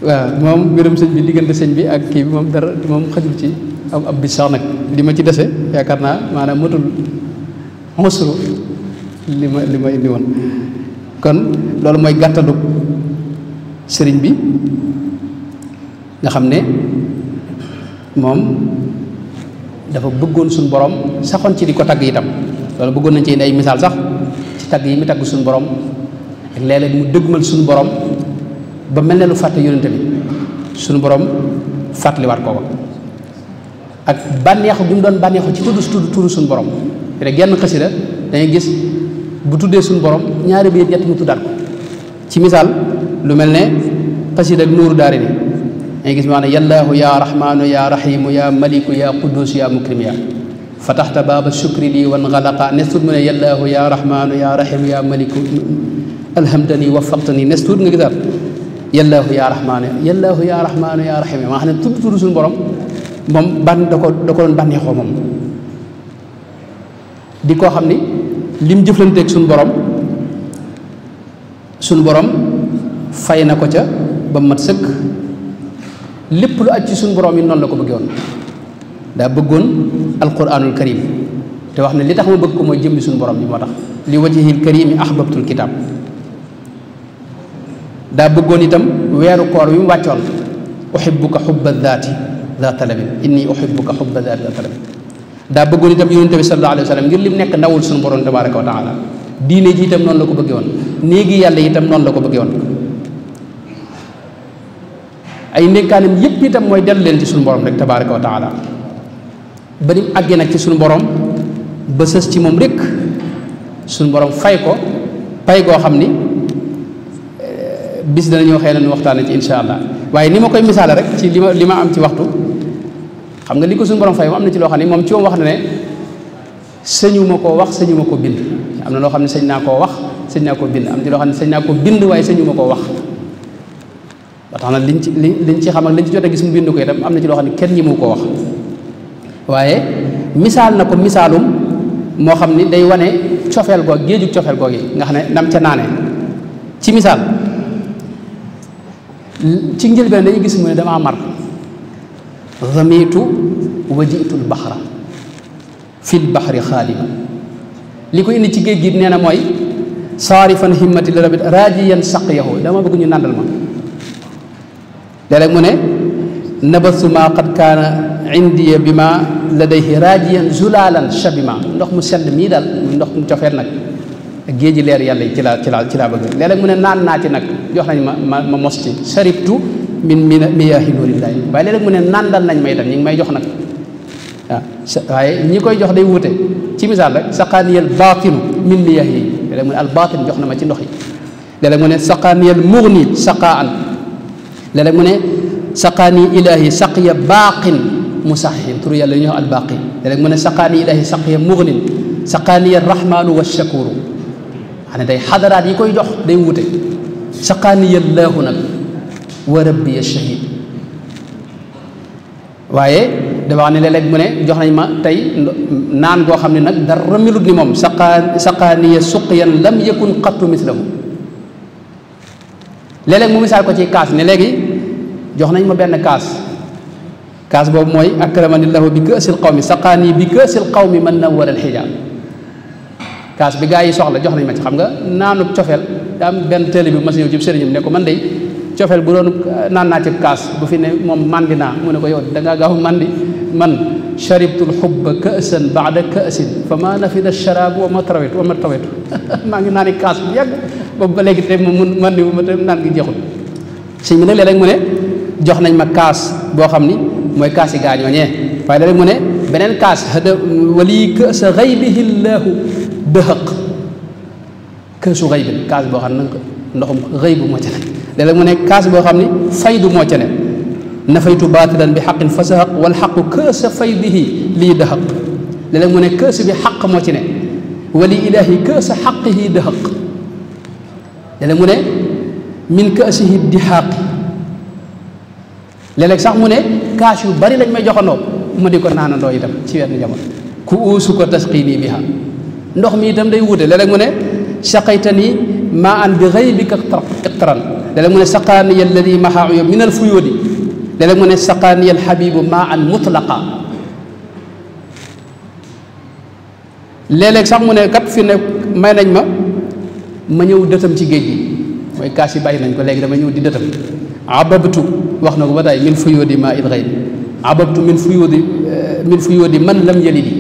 waaw moom mbirum sëñ bi diggante sëñ bi ak kii bi moom dara moom xajul ci am ab bis sax nag li ma ci dese yaakaar naa maanaam matul mosru li ma li ma indi woon kon loolu mooy gàttalu sëriñ bi nga xam ne moom dafa bëggoon suñu borom saxoon ci di ko tagg itam loolu bëggoon nañ ci indi ay misaal sax ci tagg yi mu tagg suñu boroom ak léeg-léeg mu dëgmal suñu borom ba mel ne lu fàtte yonente bi suñu borom fàttaliwaat ko ko ak bànneexu bi mu doon bànneexu ci tudd tudd suñu borom fi ne genn xasida dangay gis bu tuddee suñu borom ñaari biir ñett mu tuddaat ko ci misaal lu mel ne xasida ak nuuru daari ni dangay gis maanaam yallaahu yaa rahmaanu yaa rahimu yaa maliku yaa quddus yaa mukrim yaa fataxta baaba shukri lii wan xalaqa nes tuut mu ne yallaahu yaa rahmaanu yaa ya yaa maliku alhamdani waffaqtani nes tuut nga gisaat ne suñu borom moom ban da ko da ko moom di koo xam ni lim jëflanteeg suñu borom suñu borom fay na ko ca ba mat sëkk lépp lu aj ci suñu borom yi noonu la ko bëggoon daa bëggoon alquranul karim te wax ne li tax ma bëgg ko mooy jëmmi suñu borom bi moo tax li wajihil karimi ahbabtul kitab daa bëggoon itam weeru koor wi mu wàccoon uhibbuka hubba dhaati dha talabin inni uhibbuka hubba dhaati dha talabin daa bëggoon itam yonente bi sallallahu alayhi wa sallam ngir lim nekk ndawul suñu borom tabaraka wa taala diine ji itam noonu la ko bëggee woon néegi yàlla itam noonu la ko bëggee woon ay ndekkaanam yépp itam mooy dellu leen ci suñu borom rek tabaraka wa taala ba nim àggee nag ci suñu borom ba sës ci moom rek suñu borom fay ko pay koo xam ni eh, bis danañoo xëy na ñu waxtaane ci insha allah waaye ni ma koy misaale rek ci li ma li ma am ci waxtu xam nga li ko suñu borom fay am na ci loo xam ne moom ci moom wax sëñuma koo ko bind am na loo xam ne sëñ naa ko wax sëñ naa koo bind am na ci loo xam ne sëñ naa ko bind waaye sëñu ma koo wax tax na liñ ci liñ ci xam ak liñ jot a gis mu bind ko itam am na ci loo xam ne kenn ñi mu koo wax waaye misaal na ko misaalum moo xam ni day wane cofeel goog géejug cofeel koo yi nga xam ne nam ca naane ci misaal ci njëlbeen dañuy gis mu ne damaa mar ramitu wa jiitul baxra fil baxri xaaliba li ko indi ci géej gi nee na mooy saarifan himmati li rabit raajiyan saqiyahu dama bëgg ñu nàndal ma léeg-léeg mu ne nabasu ma qad kaan indiya bi ma ladayhi raajiyan zulaalan shabima ndox mu sell mii daal ndox mu cofeet nag ak leer yàlla yi ci laa ci laa ci laa bëgg léeg mu ne naan naa ci nag jox nañ ma ma ma min min miyaahi nuurillaahi waaye léeg-léeg mu ne nandal nañ may tam ñu ngi may jox nag waaw ñi koy jox day wuute ci misal rek saqaaniyal baatinu min miyaahi yi léeg mu ne al jox na ma ci ndox yi léeg-léeg mu ne saqaaniyal mugni saqaan léeg-léeg mu ne saqaani ilaahi saqiya baaqin musaxin turu yàlla ñu wax al baaqi léeg-léeg mu ne saqaani ilaahi saqiya mugnin saqaaniya rahmaanu wa shakuru xam ne day yi koy jox day wuute saqaaniya laahu nag wa rabbiya shahid waaye dafa xam ne léeg mu ne jox nañ ma tey naan goo xam ne nag dara melut ni moom saqaa saqaaniya suqyan lam yakun qattu mislahu léeg-léeg mu misaal ko ci kaas ne léegi jox nañ ma benn kaas kaas boobu mooy akramanillahu bi kaasil qawmi saqaani bi kaasil qawmi man nawwara alxijaab kaas bi gaa yi soxla jox nañ ma ci xam nga naanub cofeel daa am benn télé bi ma si ñëw ci sëriñam ne ko man de cofeel bu doon euh, naan naa cib bu fi ne moom mandi naa mu ne ko yow da man sharibtu lxubba kaasan baada kaasin fa ma nafida sharaabu ma trawet wa ma trawet maa ngi kaas bu ba léegi ma te naan gi jeexul sëñ bi nag léeg-léeg jox nañ ma kaas boo xam ni mooy kaas yi gaañooñee waaye léeg mu ne beneen kaas hada walii kaasa xaybihi llaahu dëhëq kaasu xaybin kaas boo xam ne ndoxum rëy bu moo ca ne mu nekk kaas boo xam ne faydu moo ca ne nafaytu baatilan bi xaqin fa sahaq wal xaqu kësa faydihi lii dahaq léeg-léeg mu ne kësa bi moo ci ne wali ilaahi kësa xaqihi dahaq léeg mu ne min kësihi di xaqi léeg sax mu ne kaas yu bari lañ may joxandoo ma di ko naanandoo itam ci wenn jamono ku uusu ko tasqini biha ndox mi itam day wuute léeg-léeg mu ne saqaytani ma an bi xaybika iqtaran léeg-léeg mu ne saqaaniya alladi maxaayu min al fuyuudi mu ne saqaaniya alxabibu ma an mutlaqa léeg sax mu ne kat fi may nañ ma ma ñëw dëtam ci géej gi mooy kaas yi bay nañ ko léegi dama ñëw di dëtam ababtu wax na ko ba tey min fuyuudi ma il xayb ababtu min fuyuudi man lam yalidi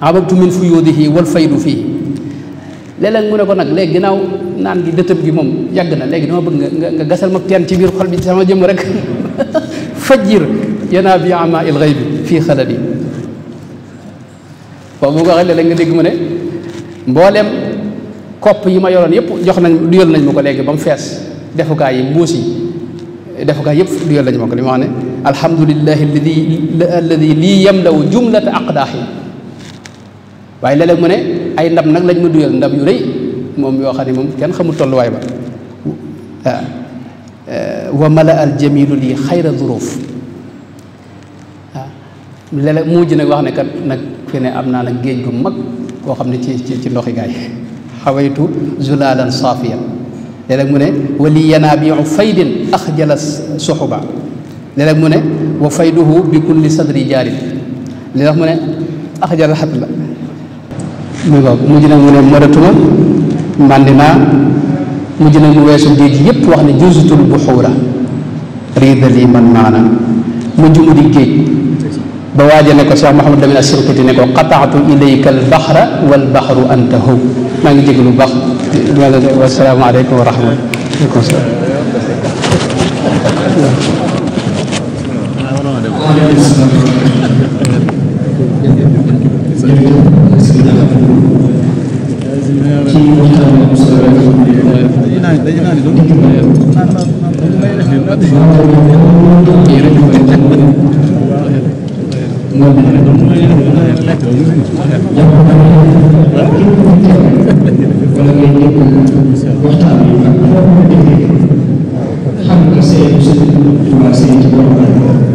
ababtu min fuyuudihi wal faydu fii léeg-léeg ne ko nag léegi ginnaaw naan gi dëtëm gi moom yàgg na léegi dama bëgg nga nga gasal ma teen ci biir xol bi ci sama jëmm rek fajjir yanaa bi ama il xëy bi fii xalal yi boobu nga dégg mu ne mbooleem kopp yi ma yoroon yëpp jox nañ duyal nañ ma ko léegi ba mu fees defukaay yi mbuus yi defukaay yëpp duyal nañ ma ko li ma wax ne alhamdulilahi alladi alladi yamlaw jumlata aqdaax yi waaye léeg-léeg ay ndab nag lañ ma duyal ndam yu rëy moom yoo xam ne moom kenn xamul tolluwaay ba waaw wa mala al jamilu lii xayra zuruuf waaw lele mujj nag wax ne kat nag fi ne am naa nag géej gu mag koo xam ne ci ci ci ndoxi gaay xawaytu zulalan saafiya léeg mu ne wali yanaabiu faydin axjala suxuba léeg mu ne wa fayduhu bi kulli sadri jaarin léeg-léeg mu ne axjala xabla mu ngoog mujj na mu ne mënatuma màndi naa mujj na mu weesu géej yépp wax ne jusutul buxuura riidali man maana mujj mu di géej ba waaja ne ko Cheikh Mouhamed Damin As-Sirkiti ne ko qataatu ilayka al-baxra wal-baxru anta hu maa ngi jégalu baax wa salaamu aleykum wa rahmatullah Thank you. waxtaan bi xam nga seen seen waa seen ci borom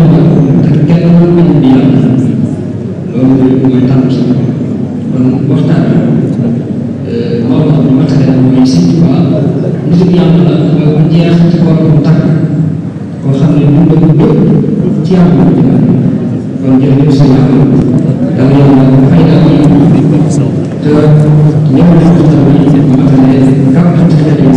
ci yàlla la mooy bu jeex ci borom bu tàkk koo xam ne ñun dañu bépp ci yàlla la ñu kon jërëjëf si yàlla da nga yàlla ko fay daal yi te ñëw na ko tamit ma ne kàpp